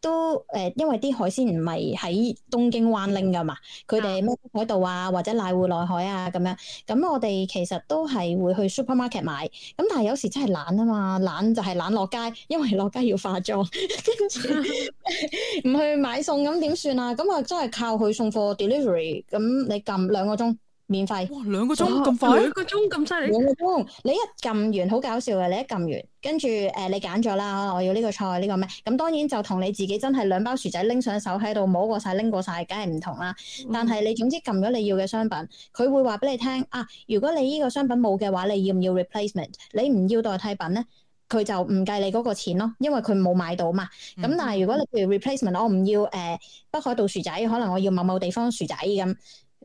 都誒、呃，因為啲海鮮唔係喺東京灣拎噶嘛，佢哋乜海度啊，或者瀨戶內海啊咁樣。咁我哋其實都係會去 supermarket 買。咁但係有時真係懶啊嘛，懶就係懶落街，因為落街要化妝，跟住唔去買餸，咁點算啊？咁啊，真係靠佢送貨 delivery。咁你撳兩個鐘。免費哇！兩個鐘咁哇快，兩哇個鐘咁犀利，兩個鐘你一撳完，好搞笑嘅，你一撳完，跟住誒，你揀咗啦，我要呢個菜，呢、這個咩？咁當然就同你自己真係兩包薯仔拎上手喺度摸過晒、拎過晒，梗係唔同啦。但係你總之撳咗你要嘅商品，佢會話俾你聽啊。如果你呢個商品冇嘅話，你要唔要 replacement？你唔要代替品咧，佢就唔計你嗰個錢咯，因為佢冇買到嘛。咁、嗯、但係如果你譬如 replacement，我唔要誒、呃、北海道薯仔，可能我要某某地方薯仔咁。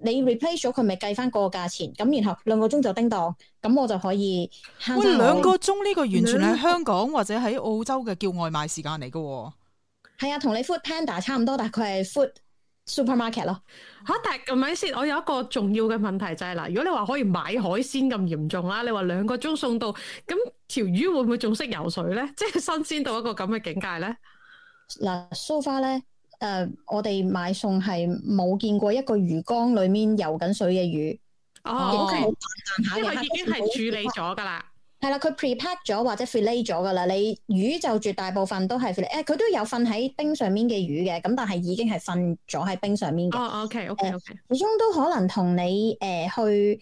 你 replace 咗佢咪計翻嗰個價錢咁，然後兩個鐘就叮當，咁我就可以慳咗。哇！兩個鐘呢個完全喺香港或者喺澳洲嘅叫外賣時間嚟㗎喎。係啊，同你 Food Panda 差唔多，但係佢係 Food Supermarket 咯。吓，但係咁樣先，我有一個重要嘅問題就係、是、嗱，如果你話可以買海鮮咁嚴重啦，你話兩個鐘送到，咁條魚會唔會仲識游水咧？即係新鮮到一個咁嘅境界咧？嗱，蘇花咧。誒，uh, 我哋買餸係冇見過一個魚缸裏面遊緊水嘅魚。哦、oh, okay. 因為已經係處理咗噶啦。係啦，佢 prepare 咗或者 fillet 咗噶啦。你魚就絕大部分都係 fillet，誒，佢都有瞓喺冰上面嘅魚嘅，咁但係已經係瞓咗喺冰上面嘅。哦，OK，OK，OK，始終都可能同你誒、呃、去。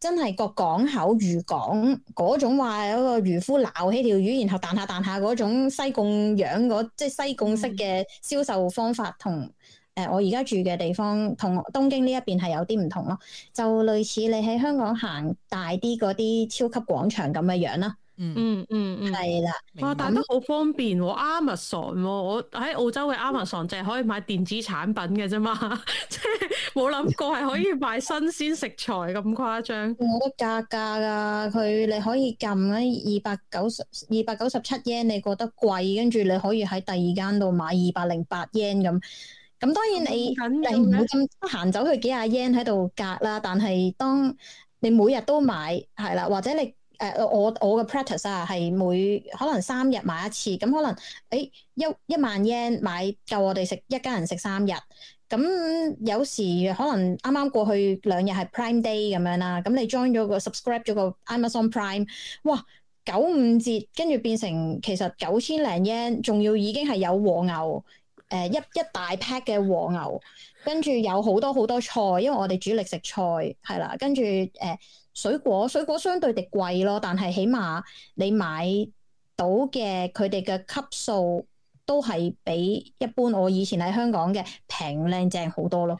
真係個港口漁港嗰種話，有個漁夫撈起條魚，然後彈下彈下嗰種西貢樣，即係西貢式嘅銷售方法，同誒我而家住嘅地方，同東京呢一邊係有啲唔同咯。就類似你喺香港行大啲嗰啲超級廣場咁嘅樣啦。嗯嗯嗯，係、嗯、啦，嗯、的哇！白但係都好方便喎那，Amazon 我喺澳洲嘅 Amazon 淨係可以買電子產品嘅啫嘛，即係冇諗過係可以買新鮮食材咁誇張。冇得 <laughs> 格價噶，佢你可以撳咧二百九十二百九十七 yen，你覺得貴，跟住你可以喺第二間度買二百零八 yen 咁。咁當然你肯定唔會咁多，行走去幾廿 yen 喺度格啦，但係當你每日都買，係啦，或者你。誒、呃、我我嘅 practice 啊，係每可能三日買一次，咁、嗯、可能誒、欸、一一萬 yen 買夠我哋食一家人食三日。咁、嗯、有時可能啱啱過去兩日係 Prime Day 咁樣啦，咁、嗯、你 join 咗個 subscribe 咗個 Amazon Prime，哇九五折，跟住變成其實九千零 yen，仲要已經係有和牛誒、呃、一一大 pack 嘅和牛，跟住有好多好多菜，因為我哋主力食菜係啦，跟住誒。水果水果相對地貴咯，但係起碼你買到嘅佢哋嘅級數都係比一般我以前喺香港嘅平靚正好多咯。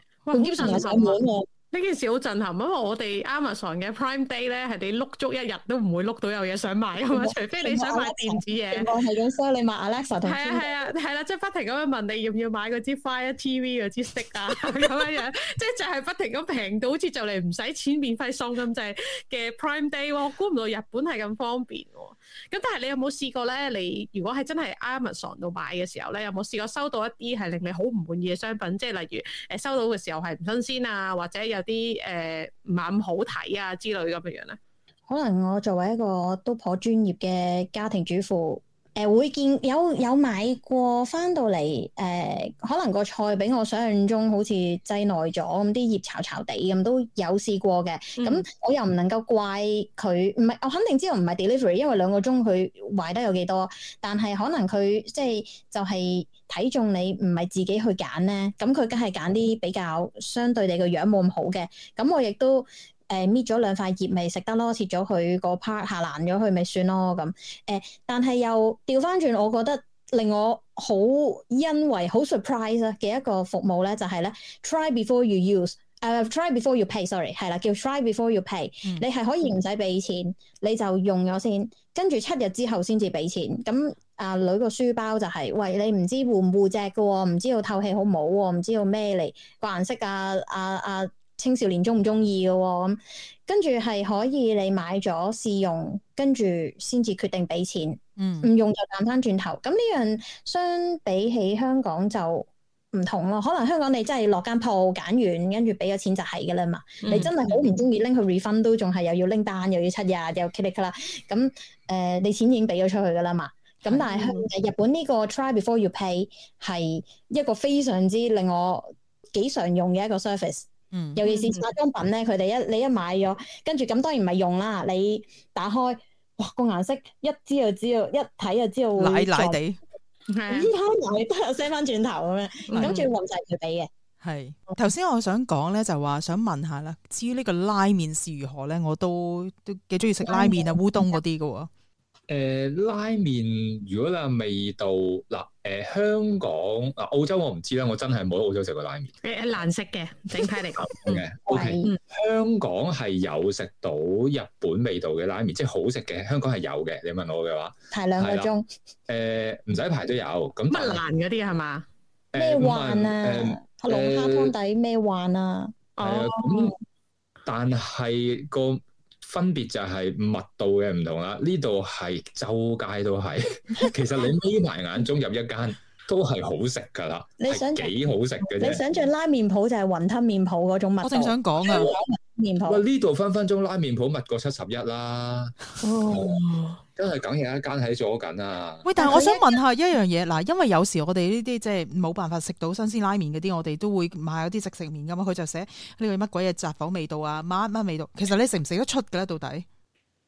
呢件事好震撼，因為我哋 Amazon 嘅 Prime Day 咧，係你碌足一日都唔會碌到有嘢想買啊嘛，除非你想買電子嘢。我係咁 sell 你買、Alexa 啊係啊係啦，即係、啊啊就係、不停咁問你，你要唔要買嗰支 Fire TV 嗰支 Stick 啊咁樣樣， <laughs> 即係就係不停咁平到好似就嚟唔使錢免費送咁正嘅 Prime Day 喎，估唔到日本係咁方便喎。咁但係你有冇試過咧？你如果係真係 Amazon 度買嘅時候咧，有冇試過收到一啲係令你好唔滿意嘅商品？即係例如誒收到嘅時候係唔新鮮啊，或者有啲誒唔係咁好睇啊之類咁嘅樣咧？可能我作為一個都頗專業嘅家庭主婦。誒會見有有買過翻到嚟，誒、呃，可能個菜比我想像中好像，好似滯耐咗，咁啲葉巢巢地咁，都有試過嘅。咁我又唔能夠怪佢，唔係我肯定知道唔係 delivery，因為兩個鐘佢壞得有幾多，但係可能佢即係就係、是、睇、就是、中你唔係自己去揀咧，咁佢梗係揀啲比較相對你個樣冇咁好嘅。咁我亦都。誒搣咗兩塊葉咪，食得咯，切咗佢個 part，下爛咗佢咪算咯咁。誒，但係又調翻轉，我覺得令我好欣慰、好 surprise 啊嘅一個服務咧，就係、是、咧 try before you use，誒、uh, try before you pay，sorry，係啦，叫 try before you pay、嗯。你係可以唔使俾錢，嗯、你就用咗先，跟住七日之後先至俾錢。咁阿女個書包就係、是，喂，你唔知護唔護脊㗎喎、哦，唔知道透氣好唔好喎，唔知道咩嚟個顏色啊啊啊！啊青少年中唔中意嘅咁，跟住係可以你買咗試用，跟住先至決定俾錢，唔、嗯、用就轉翻轉頭。咁呢樣相比起香港就唔同咯。可能香港你真係落間鋪揀完，跟住俾咗錢就係嘅啦嘛。嗯、你真係好唔中意拎去 refund 都仲係又要拎單，又要七日又茄哩咔啦。咁誒、呃，你錢已經俾咗出去嘅啦嘛。咁但係日本呢個 try before you pay 係一個非常之令我幾常用嘅一個 service。嗯、尤其是化妝品咧，佢哋、嗯嗯、一你一買咗，跟住咁當然唔係用啦。你打開，哇個顏色一知就知道，一睇就知道，知道奶奶地，啱嚟都有 send 翻轉頭咁樣，跟住混曬佢哋嘅。係頭先我想講咧，就話想問下啦，至於呢個拉麵是如何咧，我都都幾鍾意食拉麵啊，麵烏冬嗰啲㗎喎。誒拉麵，如果你話味道嗱誒香港嗱澳洲我唔知啦，我真係冇喺澳洲食過拉麵。誒難食嘅整體嚟講嘅，OK。香港係有食到日本味道嘅拉麵，即係好食嘅。香港係有嘅。你問我嘅話，排兩個鐘。誒唔使排都有。咁乜難嗰啲係嘛？咩幻啊？龍蝦湯底咩幻啊？哦。咁但係個。分別就係密度嘅唔同啦，呢度係周街都係， <laughs> 其實你眯埋眼中入一間都係好食噶啦，你想幾好食嘅啫。你想象拉麵鋪就係雲吞麵鋪嗰種密度。我正想講啊。 <laughs> 喂，呢度分分鐘拉麵鋪密過七十一啦，真係梗係一間喺左近啊！喂，但係我想問下一樣嘢嗱， <laughs> 因為有時我哋呢啲即係冇辦法食到新鮮拉麵嗰啲，我哋都會買嗰啲即食麵噶嘛，佢就寫呢個乜鬼嘢雜貨味道啊，乜乜味道，其實你食唔食得出嘅咧？到底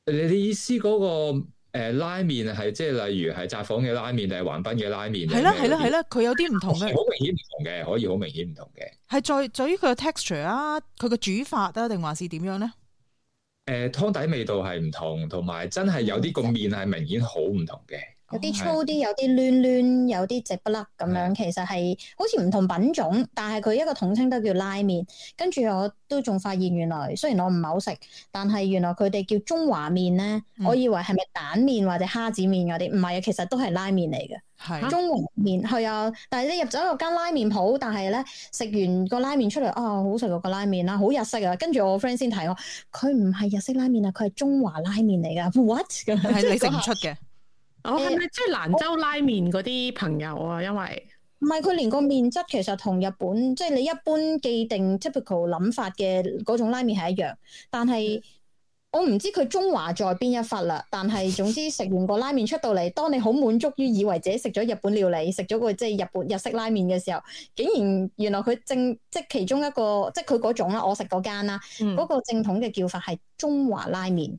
你你意思嗰、那個？誒、呃，拉麵係即係例如係札幌嘅拉麵定係橫濱嘅拉麵？係啦係啦係啦，佢有啲唔同嘅。好明顯唔同嘅，可以好明顯唔同嘅。係再在於佢嘅 texture 啊，佢嘅煮法啊，定還是點樣咧？誒，湯底味道係唔同，同埋真係有啲個麵係明顯好唔同嘅。有啲粗啲，有啲攣攣，有啲直不甩咁樣。的其實係好似唔同品種，但係佢一個統稱都叫拉麵。跟住我都仲發現原來，雖然我唔係好食，但係原來佢哋叫中華麵咧，我以為係咪蛋麵或者蝦子麵嗰啲，唔係啊，其實都係拉麵嚟嘅。係的中華麵係啊，但係你入咗一間拉麵鋪，但係咧食完個拉麵出嚟啊、哦，好食個個拉麵啦，好日式啊。跟住我 friend 先提我，佢唔係日式拉麵啊，佢係中華拉麵嚟㗎。What 你食唔出嘅？ <laughs> 哦，係咪即係蘭州拉麵嗰啲朋友啊？因為唔係、欸，佢連個麵質其實同日本即係、就是、你一般既定 typical 諗法嘅嗰種拉麵係一樣，但係我唔知佢中華在邊一忽啦。但係總之食完個拉麵出到嚟，當你好滿足於以為自己食咗日本料理，食咗個即係日本日式拉麵嘅時候，竟然原來佢正即係其中一個即係佢嗰種啦，我食嗰間啦，嗰、嗯、個正統嘅叫法係中華拉麵。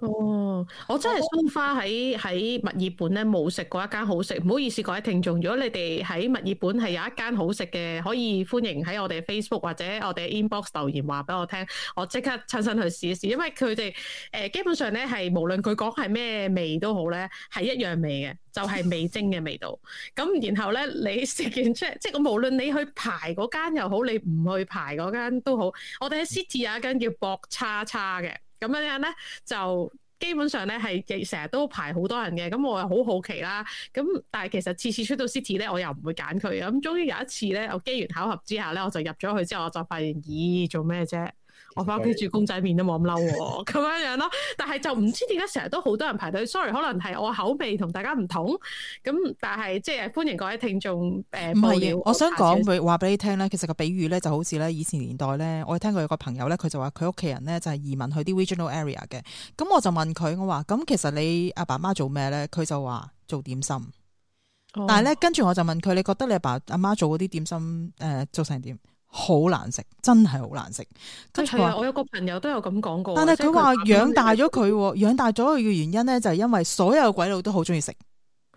哦，我真係鬆花喺喺墨爾本咧冇食過一間好食。唔好意思，各位聽眾，如果你哋喺墨爾本係有一間好食嘅，可以歡迎喺我哋 Facebook 或者我哋 inbox 留言話俾我聽，我即刻親身去試一試。因為佢哋誒基本上咧係無論佢講係咩味都好咧，係一樣味嘅，就係味精嘅味道。咁 <laughs> 然後咧你食完出，即係無論你去排嗰間又好，你唔去排嗰間都好，我哋喺 City 有一間叫博叉叉嘅。咁樣樣咧，就基本上咧係成日都排好多人嘅。咁我又好好奇啦。咁但係其實次次出到 City 咧，我又唔會揀佢。咁終於有一次咧，我機緣巧合之下咧，我就入咗去之後，我就發現，咦，做咩啫？我翻屋企煮公仔麵都冇咁嬲喎，咁樣 <laughs> 樣咯。但係就唔知點解成日都好多人排隊。 <laughs> Sorry，可能係我口味同大家唔同。咁但係即係歡迎各位聽眾。誒、呃，唔我，我想講句話俾你聽咧。其實個比喻咧就好似咧以前年代咧，我有聽過有個朋友咧，佢就話佢屋企人咧就係移民去啲 regional area 嘅。咁我就問佢，我話咁其實你阿爸阿媽做咩咧？佢就話做點心。哦、但係咧，跟住我就問佢，你覺得你阿爸阿媽做嗰啲點心誒、呃，做成點？好難食，真係好難食。係、嗯、啊，我有個朋友都有咁講過。但係佢話養大咗佢，養 <laughs> 大咗佢嘅原因咧，就係、是、因為所有鬼佬都好中意食，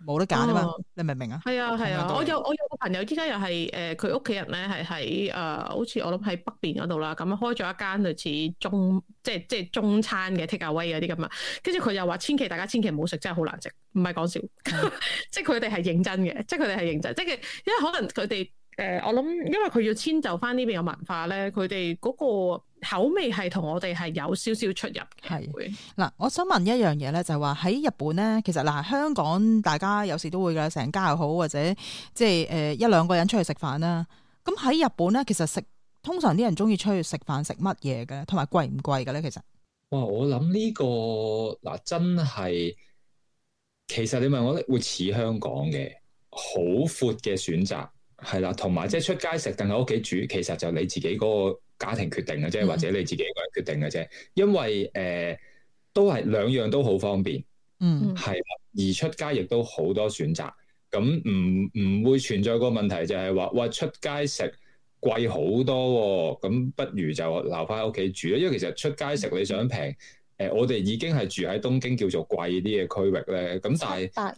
冇得揀啊嘛。哦、你明唔明啊？係啊係啊我，我有我有個朋友，依、呃、家又係誒，佢屋企人咧係喺誒，好似我諗喺北邊嗰度啦，咁樣開咗一間類似中即係即係中餐嘅 takeaway 嗰啲咁啊。跟住佢又話，千祈大家千祈唔好食，真係好難食，唔係講笑，的 <laughs> <laughs> 即係佢哋係認真嘅，即係佢哋係認真，即係因為可能佢哋。誒、呃，我諗因為佢要遷就翻呢邊嘅文化咧，佢哋嗰個口味係同我哋係有少少出入嘅。係嗱，我想問一樣嘢咧，就係話喺日本咧，其實嗱香港大家有時都會噶，成家又好或者即係誒、呃、一兩個人出去食飯啦。咁喺日本咧，其實食通常啲人中意出去食飯食乜嘢嘅，同埋貴唔貴嘅咧？其實哇，我諗呢個嗱真係，其實你問我咧會似香港嘅好闊嘅選擇。係啦，同埋即係出街食定喺屋企煮，其實就你自己嗰個家庭決定嘅啫，或者你自己個人決定嘅啫。因為誒、呃，都係兩樣都好方便，嗯，係。而出街亦都好多選擇，咁唔唔會存在個問題就係話，哇，出街食貴好多，啊，咁不如就留翻喺屋企煮。因為其實出街食你想平，誒、嗯、呃，我哋已經係住喺東京叫做貴啲嘅區域咧，咁但係百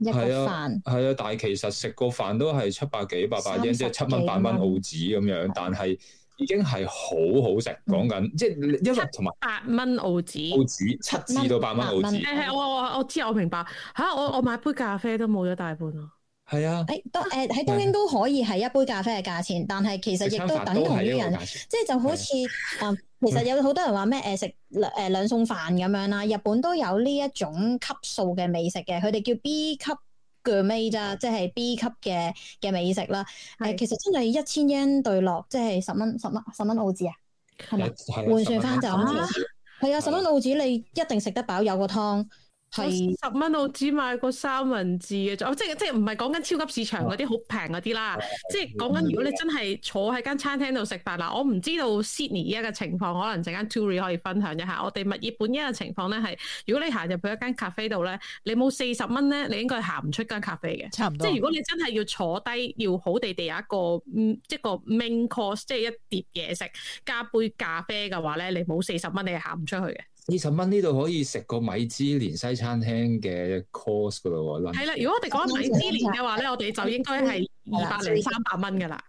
係啊，係啊，但係其實食個飯都係七百幾、八百英，即係七蚊、八蚊澳紙咁樣，的但係已經係好好食，講緊即係因為同埋八蚊澳紙，澳紙七,七至到八蚊澳紙，係、欸、我我我知，我明白，吓、啊、我我買杯咖啡都冇咗大半啦。係啊，誒東誒喺東京都可以係一杯咖啡嘅價錢，啊、但係其實亦都等同於人，即係就好似誒，啊嗯、其實有好多人話咩誒食誒、呃、兩餸飯咁樣啦，日本都有呢一種級數嘅美食嘅，佢哋叫 B 級グルメ啫，即係 B 級嘅嘅美食啦。誒、啊，其實真係一千 yen 對落，即係十蚊十蚊十蚊澳紙啊，係咪換算返就係啊，十蚊澳紙你一定食得飽，有個湯。四十蚊我只買個三文治嘅，即即唔係講緊超級市場嗰啲好平嗰啲啦，啊、即係講緊如果你真係坐喺間餐廳度食飯嗱，嗯、我唔知道 Sydney 而家嘅情況，可能陣間 Turi 可以分享一下。我哋物業本身嘅情況咧係，如果你行入去一間咖啡度咧，你冇四十蚊咧，你應該行唔出間咖啡嘅。差唔多。即係如果你真係要坐低，要好地地有一個即一個 main course，即係一碟嘢食加杯咖啡嘅話咧，你冇四十蚊你係行唔出去嘅。二十蚊呢度可以食個米芝蓮西餐廳嘅 course 噶咯喎，係啦、嗯。如果我哋講米芝蓮嘅話咧，嗯、我哋就應該係二百零三百蚊噶啦。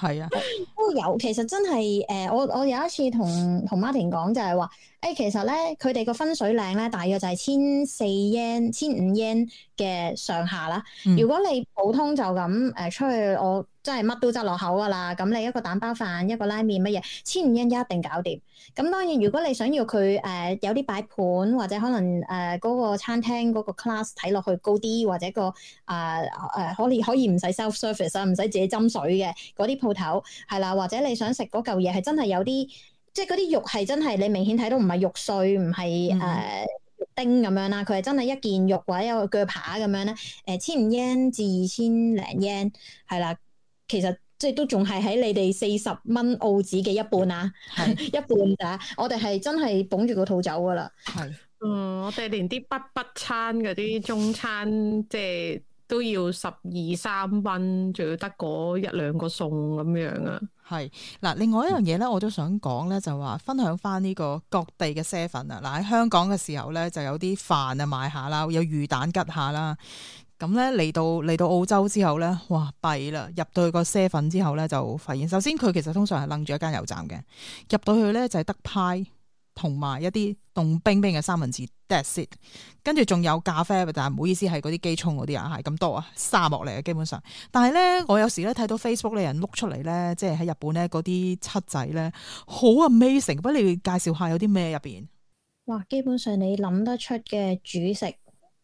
係啊，都有。其實真係誒，我我有一次同同 Martin 講就係話。誒，其實咧，佢哋個分水嶺咧，大約就係千四 yen、千五 yen 嘅上下啦。嗯、如果你普通就咁誒、呃、出去，我真係乜都執落口噶啦。咁你一個蛋包飯、一個拉麵乜嘢，千五 yen 一定搞掂。咁當然，如果你想要佢誒、呃、有啲擺盤，或者可能誒嗰、呃那個餐廳嗰個 class 睇落去高啲，或者個啊誒、呃呃、可以可以唔使 self service 啊，唔使自己斟水嘅嗰啲鋪頭，係啦，或者你想食嗰嚿嘢係真係有啲。即係嗰啲肉係真係你明顯睇到唔係肉碎唔係誒丁咁樣啦，佢係真係一件肉或者一個鋸扒咁樣咧，誒、呃、千五 yen 至二千零 yen 係啦，其實即係都仲係喺你哋四十蚊澳紙嘅一半啊，的 <laughs> 一半咋、啊？我哋係真係捧住個套走噶啦。係的，嗯，我哋連啲北北餐嗰啲中餐即係都要十二三蚊，仲要得嗰一兩個餸咁樣啊。係嗱，另外一樣嘢咧，我都想講咧，就話、是、分享翻呢個各地嘅 Seven 啦。嗱喺香港嘅時候咧，就有啲飯啊賣下啦，有魚蛋吉下啦。咁咧嚟到嚟到澳洲之後咧，哇弊啦！入到去個 Seven 之後咧，就發現首先佢其實通常係楞住一間油站嘅，入到去咧就係得派，同埋一啲凍冰冰嘅三文治 that's it。跟住仲有咖啡，但係唔好意思，係嗰啲機沖嗰啲啊，係咁多啊，沙漠嚟嘅基本上。但係咧，我有時咧睇到 Facebook 嘅人碌出嚟咧，即係喺日本咧嗰啲七仔咧，好 amazing。不如介紹下有啲咩入邊？哇，基本上你諗得出嘅主食，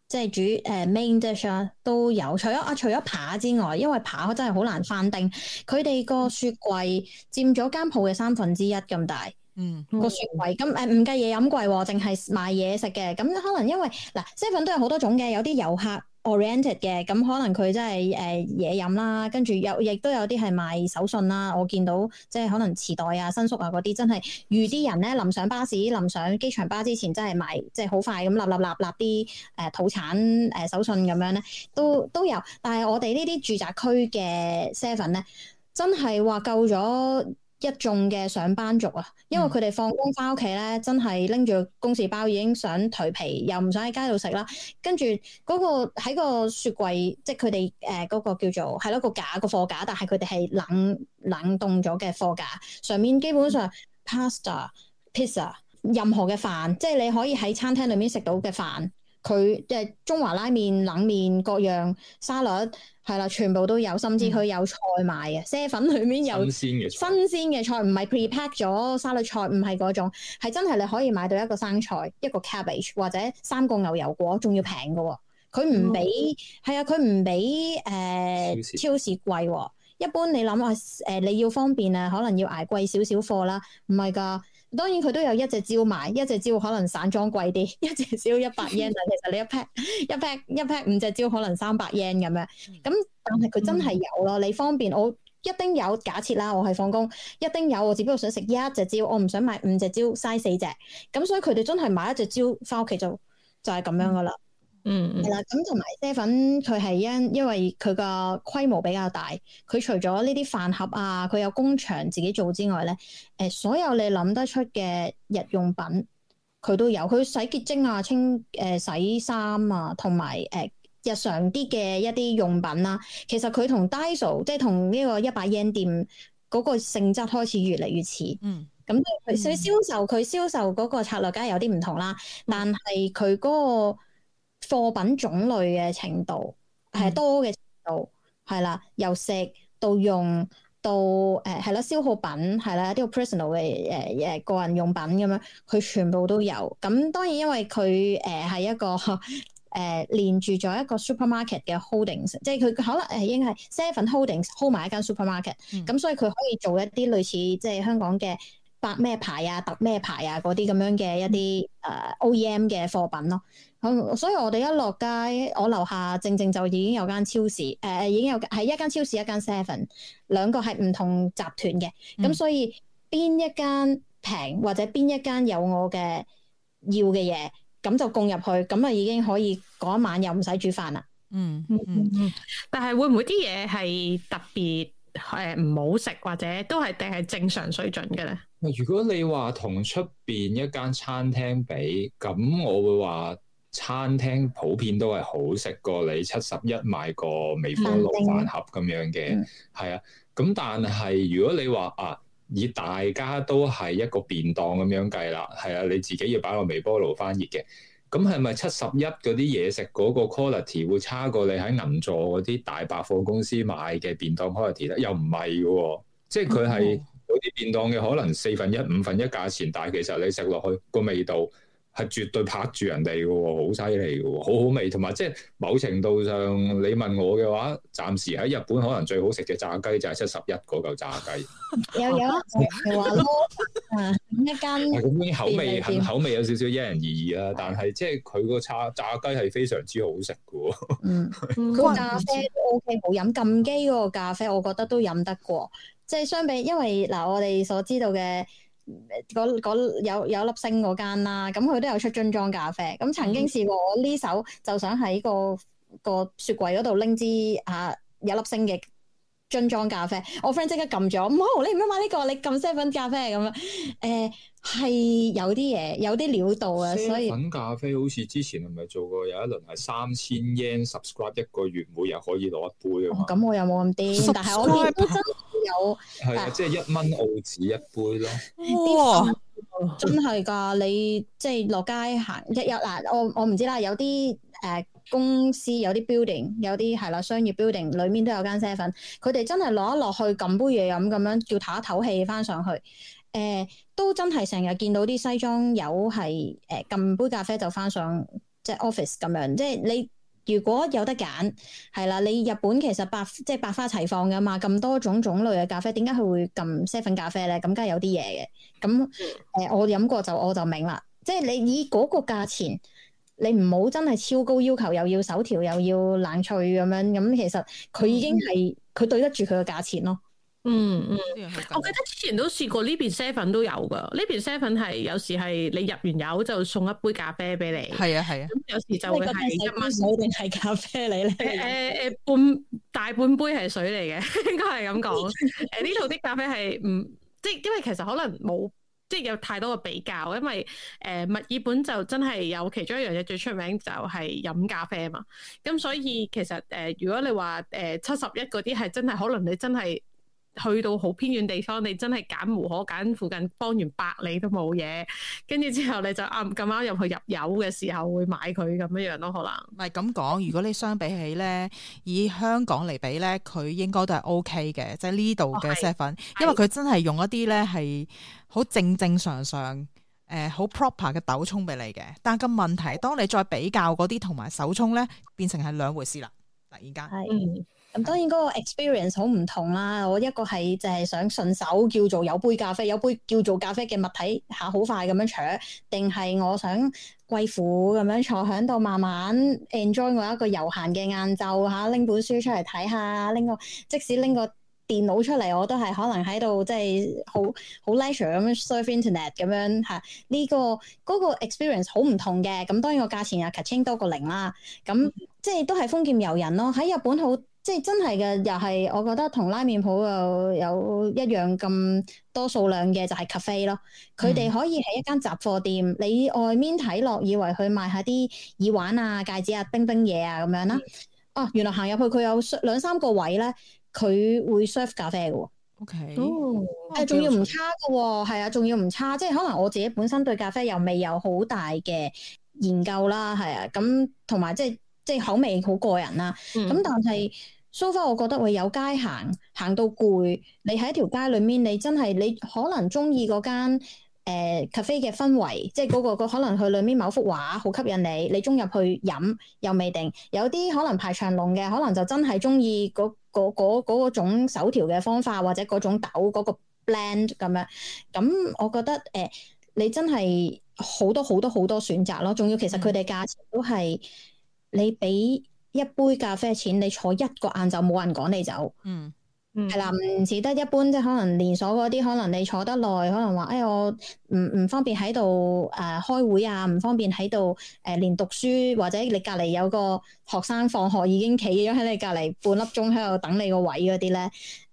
即係主誒 main dish 都有。除咗啊，除咗扒之外，因為扒真係好難判定，佢哋個雪櫃佔咗間鋪嘅三分之一咁大。嗯，個、嗯、雪櫃咁誒，唔計嘢飲櫃，淨、呃、係賣嘢食嘅。咁可能因為嗱，seven 都有好多種嘅，有啲遊客 oriented 嘅，咁可能佢真係誒嘢飲啦，跟住有亦都有啲係賣手信啦。我見到即係可能池袋啊、新宿啊嗰啲，真係預啲人咧，臨上巴士、臨上機場巴之前，真係賣即係好快咁，立立立立啲誒、呃、土產誒、呃、手信咁樣咧，都都有。但係我哋呢啲住宅區嘅 seven 咧，真係話夠咗。一眾嘅上班族啊，因為佢哋放工返屋企咧，真係拎住公事包已經想頹皮，又唔想喺街度食啦。跟住嗰個喺個雪櫃，即係佢哋誒嗰個叫做係一個架個貨架，但係佢哋係冷冷凍咗嘅貨架上面，基本上 pasta、嗯、asta, pizza 任何嘅飯，即係你可以喺餐廳裏面食到嘅飯。佢即係中華拉麵、冷麵各樣沙律係啦，全部都有，甚至佢有菜賣嘅。沙粉裏面有新鮮嘅菜，唔係 p r e p a r e 咗沙律菜，唔係嗰種，係真係你可以買到一個生菜、一個 cabbage 或者三個牛油果，仲要平嘅。佢唔俾係啊，佢唔俾誒超市貴喎。一般你諗下，誒、呃、你要方便啊，可能要捱貴少少貨啦。唔係㗎。當然佢都有一隻蕉賣，一隻蕉可能散裝貴啲，一隻蕉一百 yen 啊，其實你一 pack 一 pack 一 pack 五隻蕉可能三百 yen 咁樣，咁但係佢真係有咯，你方便我一定有，假設啦，我係放工一定有，我只不過想食一隻蕉，我唔想買五隻蕉嘥四隻，咁所以佢哋真係買一隻蕉翻屋企就就係、是、咁樣噶啦。嗯嗯，係啦、嗯，咁同埋 seven，佢係因因為佢個規模比較大，佢除咗呢啲飯盒啊，佢有工場自己做之外咧，誒，所有你諗得出嘅日用品佢都有，佢洗潔精啊、清誒、呃、洗衫啊，同埋誒日常啲嘅一啲用品啦、啊，其實佢同 Daiso 即係同呢個一百 yen 店嗰個性質開始越嚟越似，嗯，咁佢佢銷售佢銷售嗰個策略梗係有啲唔同啦，但係佢嗰個。貨品種類嘅程度係、嗯、多嘅程度係啦，由食到用到誒係啦，消耗品係啦，啲 personal 嘅誒誒個人用品咁樣，佢全部都有。咁當然因為佢誒係一個誒、呃、連住咗一個 supermarket 嘅 holdings，即係佢可能誒應係 seven holdings hold 埋一間 supermarket，咁、嗯、所以佢可以做一啲類似即係香港嘅白咩牌啊、特咩牌啊嗰啲咁樣嘅一啲誒 OEM 嘅貨品咯。所以我哋一落街，我樓下正正就已經有間超市，誒、呃，已經有係一間超市，一間 Seven，兩個係唔同集團嘅，咁、嗯、所以邊一間平或者邊一間有我嘅要嘅嘢，咁就供入去，咁啊已經可以嗰晚又唔使煮飯啦、嗯。嗯，嗯 <laughs> 但係會唔會啲嘢係特別誒唔好食，或者都係定係正常水準嘅咧？如果你話同出面一間餐廳比，咁我會話。餐廳普遍都係好食過你七十一買個微波爐飯盒咁樣嘅，係啊、mm。咁、hmm。但係如果你話啊，以大家都係一個便當咁樣計啦，係啊，你自己要擺落微波爐翻熱嘅。咁係咪七十一嗰啲嘢食嗰個 quality 會差過你喺銀座嗰啲大百貨公司買嘅便當 quality 咧？又唔係喎，即係佢係嗰啲便當嘅可能四分一五分一價錢，但係其實你食落去個味道。係絕對拍住人哋嘅，好犀利嘅，好好味。同埋即係某程度上，你問我嘅話，暫時喺日本可能最好食嘅炸雞就係七十一嗰嚿炸雞。又有又話咯，啊，一間。口味口味有少少因人而異啦，但係即係佢個炸炸雞係非常之好食嘅。嗯，佢咖啡 O K 好飲，撳機嗰個咖啡我覺得都飲得過。即係相比，因為嗱，我哋所知道嘅。嗰有有粒星嗰間啦，咁佢都有出樽裝咖啡，咁曾經試過我呢手就想喺個個雪櫃嗰度拎支啊，有一粒星嘅。樽裝咖啡，我 friend 即刻撳咗，唔好你唔好買呢、這個，你撳 Seven 咖啡咁啊！誒、呃，係有啲嘢，有啲料度啊，所以。粉咖啡好似之前係咪做過有一輪係三千 yen subscribe 一個月，每日可以攞一杯咁、哦、我又冇咁癲，但係我開杯真有。係啊， <laughs> 即、就、係、是、一蚊澳紙一杯咯。哇！哦、真係噶，你即係落街行一日嗱，我我唔知啦，有啲。誒、呃、公司有啲 building，有啲係啦，商業 building 裏面都有間 seven，佢哋真係攞一落去撳杯嘢飲咁樣，叫唞一唞氣翻上去，去。誒、呃，都真係成日見到啲西裝友係誒撳杯咖啡就翻上即係 office 咁樣。即係你如果有得揀，係啦，你日本其實百即係百花齊放嘅嘛，咁多種種類嘅咖啡，點解佢會撳 seven 咖啡咧？咁梗係有啲嘢嘅。咁誒、呃，我飲過就我就明啦。即係你以嗰個價錢。你唔好真係超高要求，又要手調又要冷萃咁樣，咁其實佢已經係佢、嗯、對得住佢個價錢咯。嗯嗯，我記得之前都試過呢邊 seven 都有噶，呢邊 seven 係有時係你入完油就送一杯咖啡俾你。係啊係啊，咁有時就會係一蚊水定係咖啡嚟咧？誒 <laughs> 誒，半大半杯係水嚟嘅，應該係咁講。誒呢度啲咖啡係唔即係因為其實可能冇。即係有太多嘅比較，因為誒墨爾本就真係有其中一樣嘢最出名就係飲咖啡啊嘛，咁所以其實誒、呃、如果你話誒七十一嗰啲係真係可能你真係。去到好偏遠地方，你真係揀無可揀，附近方圓百里都冇嘢。跟住之後，你就啊咁啱入去入油嘅時候會買佢咁樣樣咯，可能。唔係咁講，如果你相比起咧，以香港嚟比咧，佢應該都係 OK 嘅，即係呢度嘅 set 粉，因為佢真係用一啲咧係好正正常正常誒好 proper 嘅豆沖俾你嘅。但係個問題，當你再比較嗰啲同埋手沖咧，變成係兩回事啦，嗱，而家。係。咁當然嗰個 experience 好唔同啦，我一個係就係想順手叫做有杯咖啡，有杯叫做咖啡嘅物體嚇好、啊、快咁樣搶，定係我想貴婦咁樣坐喺度慢慢 enjoy 我一個悠閒嘅晏晝嚇，拎、啊、本書出嚟睇下，拎個即使拎個電腦出嚟我都係可能喺度即係好好 leisure 咁 surf internet 咁樣嚇，呢、啊啊呢個嗰、嗰個 experience 好唔同嘅，咁、啊、當然個價錢又 cutting 多個零啦，咁、啊嗯、即係都係封建遊人咯，喺日本好。即係真係嘅，又係我覺得同拉麵鋪有有一樣咁多數量嘅就係 cafe 咯。佢哋可以喺一間雜貨店，嗯、你外面睇落以為佢賣下啲耳環啊、戒指啊、冰冰嘢啊咁樣啦。哦、嗯啊，原來行入去佢有兩三個位咧，佢會 serve 咖啡嘅。OK，哦，誒，仲要唔差嘅喎，係啊，仲要唔差。即係可能我自己本身對咖啡又未有好大嘅研究啦，係啊，咁同埋即係即係口味好個人啦。咁、嗯、但係。So far，我覺得會有街行，行到攰。你喺一條街裏面，你真係你可能中意嗰間誒 cafe 嘅氛圍，即係嗰個可能佢裏面某幅畫好吸引你，你中入去飲又未定。有啲可能排長龍嘅，可能就真係中意嗰種手調嘅方法，或者嗰種豆嗰個 blend 咁樣。咁我覺得誒，你真係好多好多好多選擇咯。仲要其實佢哋價錢都係你俾。一杯咖啡錢，你坐一個晏晝冇人趕你走。嗯，係、嗯、啦，唔似得一般，即係可能連鎖嗰啲，可能你坐得耐，可能話，誒、哎，我唔唔方便喺度誒開會啊，唔方便喺度誒連讀書，或者你隔籬有個學生放學已經企咗喺你隔籬半粒鐘喺度等你個位嗰啲咧，誒、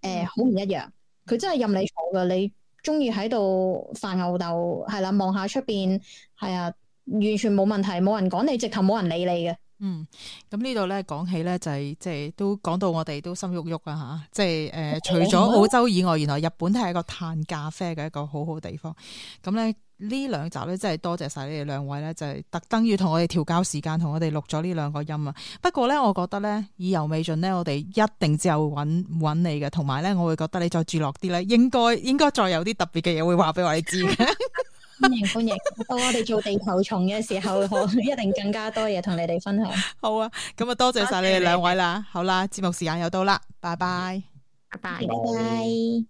呃，好唔一樣。佢真係任你坐噶，你中意喺度發吽逗，係啦，望下出邊，係啊，完全冇問題，冇人趕你，直頭冇人理你嘅。嗯，咁呢度咧講起咧就係、是，即係都講到我哋都心喐喐啊吓，即係誒、呃、除咗澳洲以外，原來日本都係一個歎咖啡嘅一個好好地方。咁咧呢兩集咧真係多謝晒你哋兩位咧，就係、是、特登要同我哋調較時間，同我哋錄咗呢兩個音啊。不過咧，我覺得咧意猶未盡呢，盡我哋一定之後會揾揾你嘅，同埋咧我會覺得你再住落啲咧，應該應該再有啲特別嘅嘢會話俾我哋知。 <laughs> <laughs> 歡迎歡迎，到 <laughs> 我哋做地球蟲嘅時候， <laughs> 我一定更加多嘢同你哋分享。好啊，咁啊，多謝晒你哋兩位啦。好啦，節目時間又到啦，拜拜，拜拜。拜拜拜拜。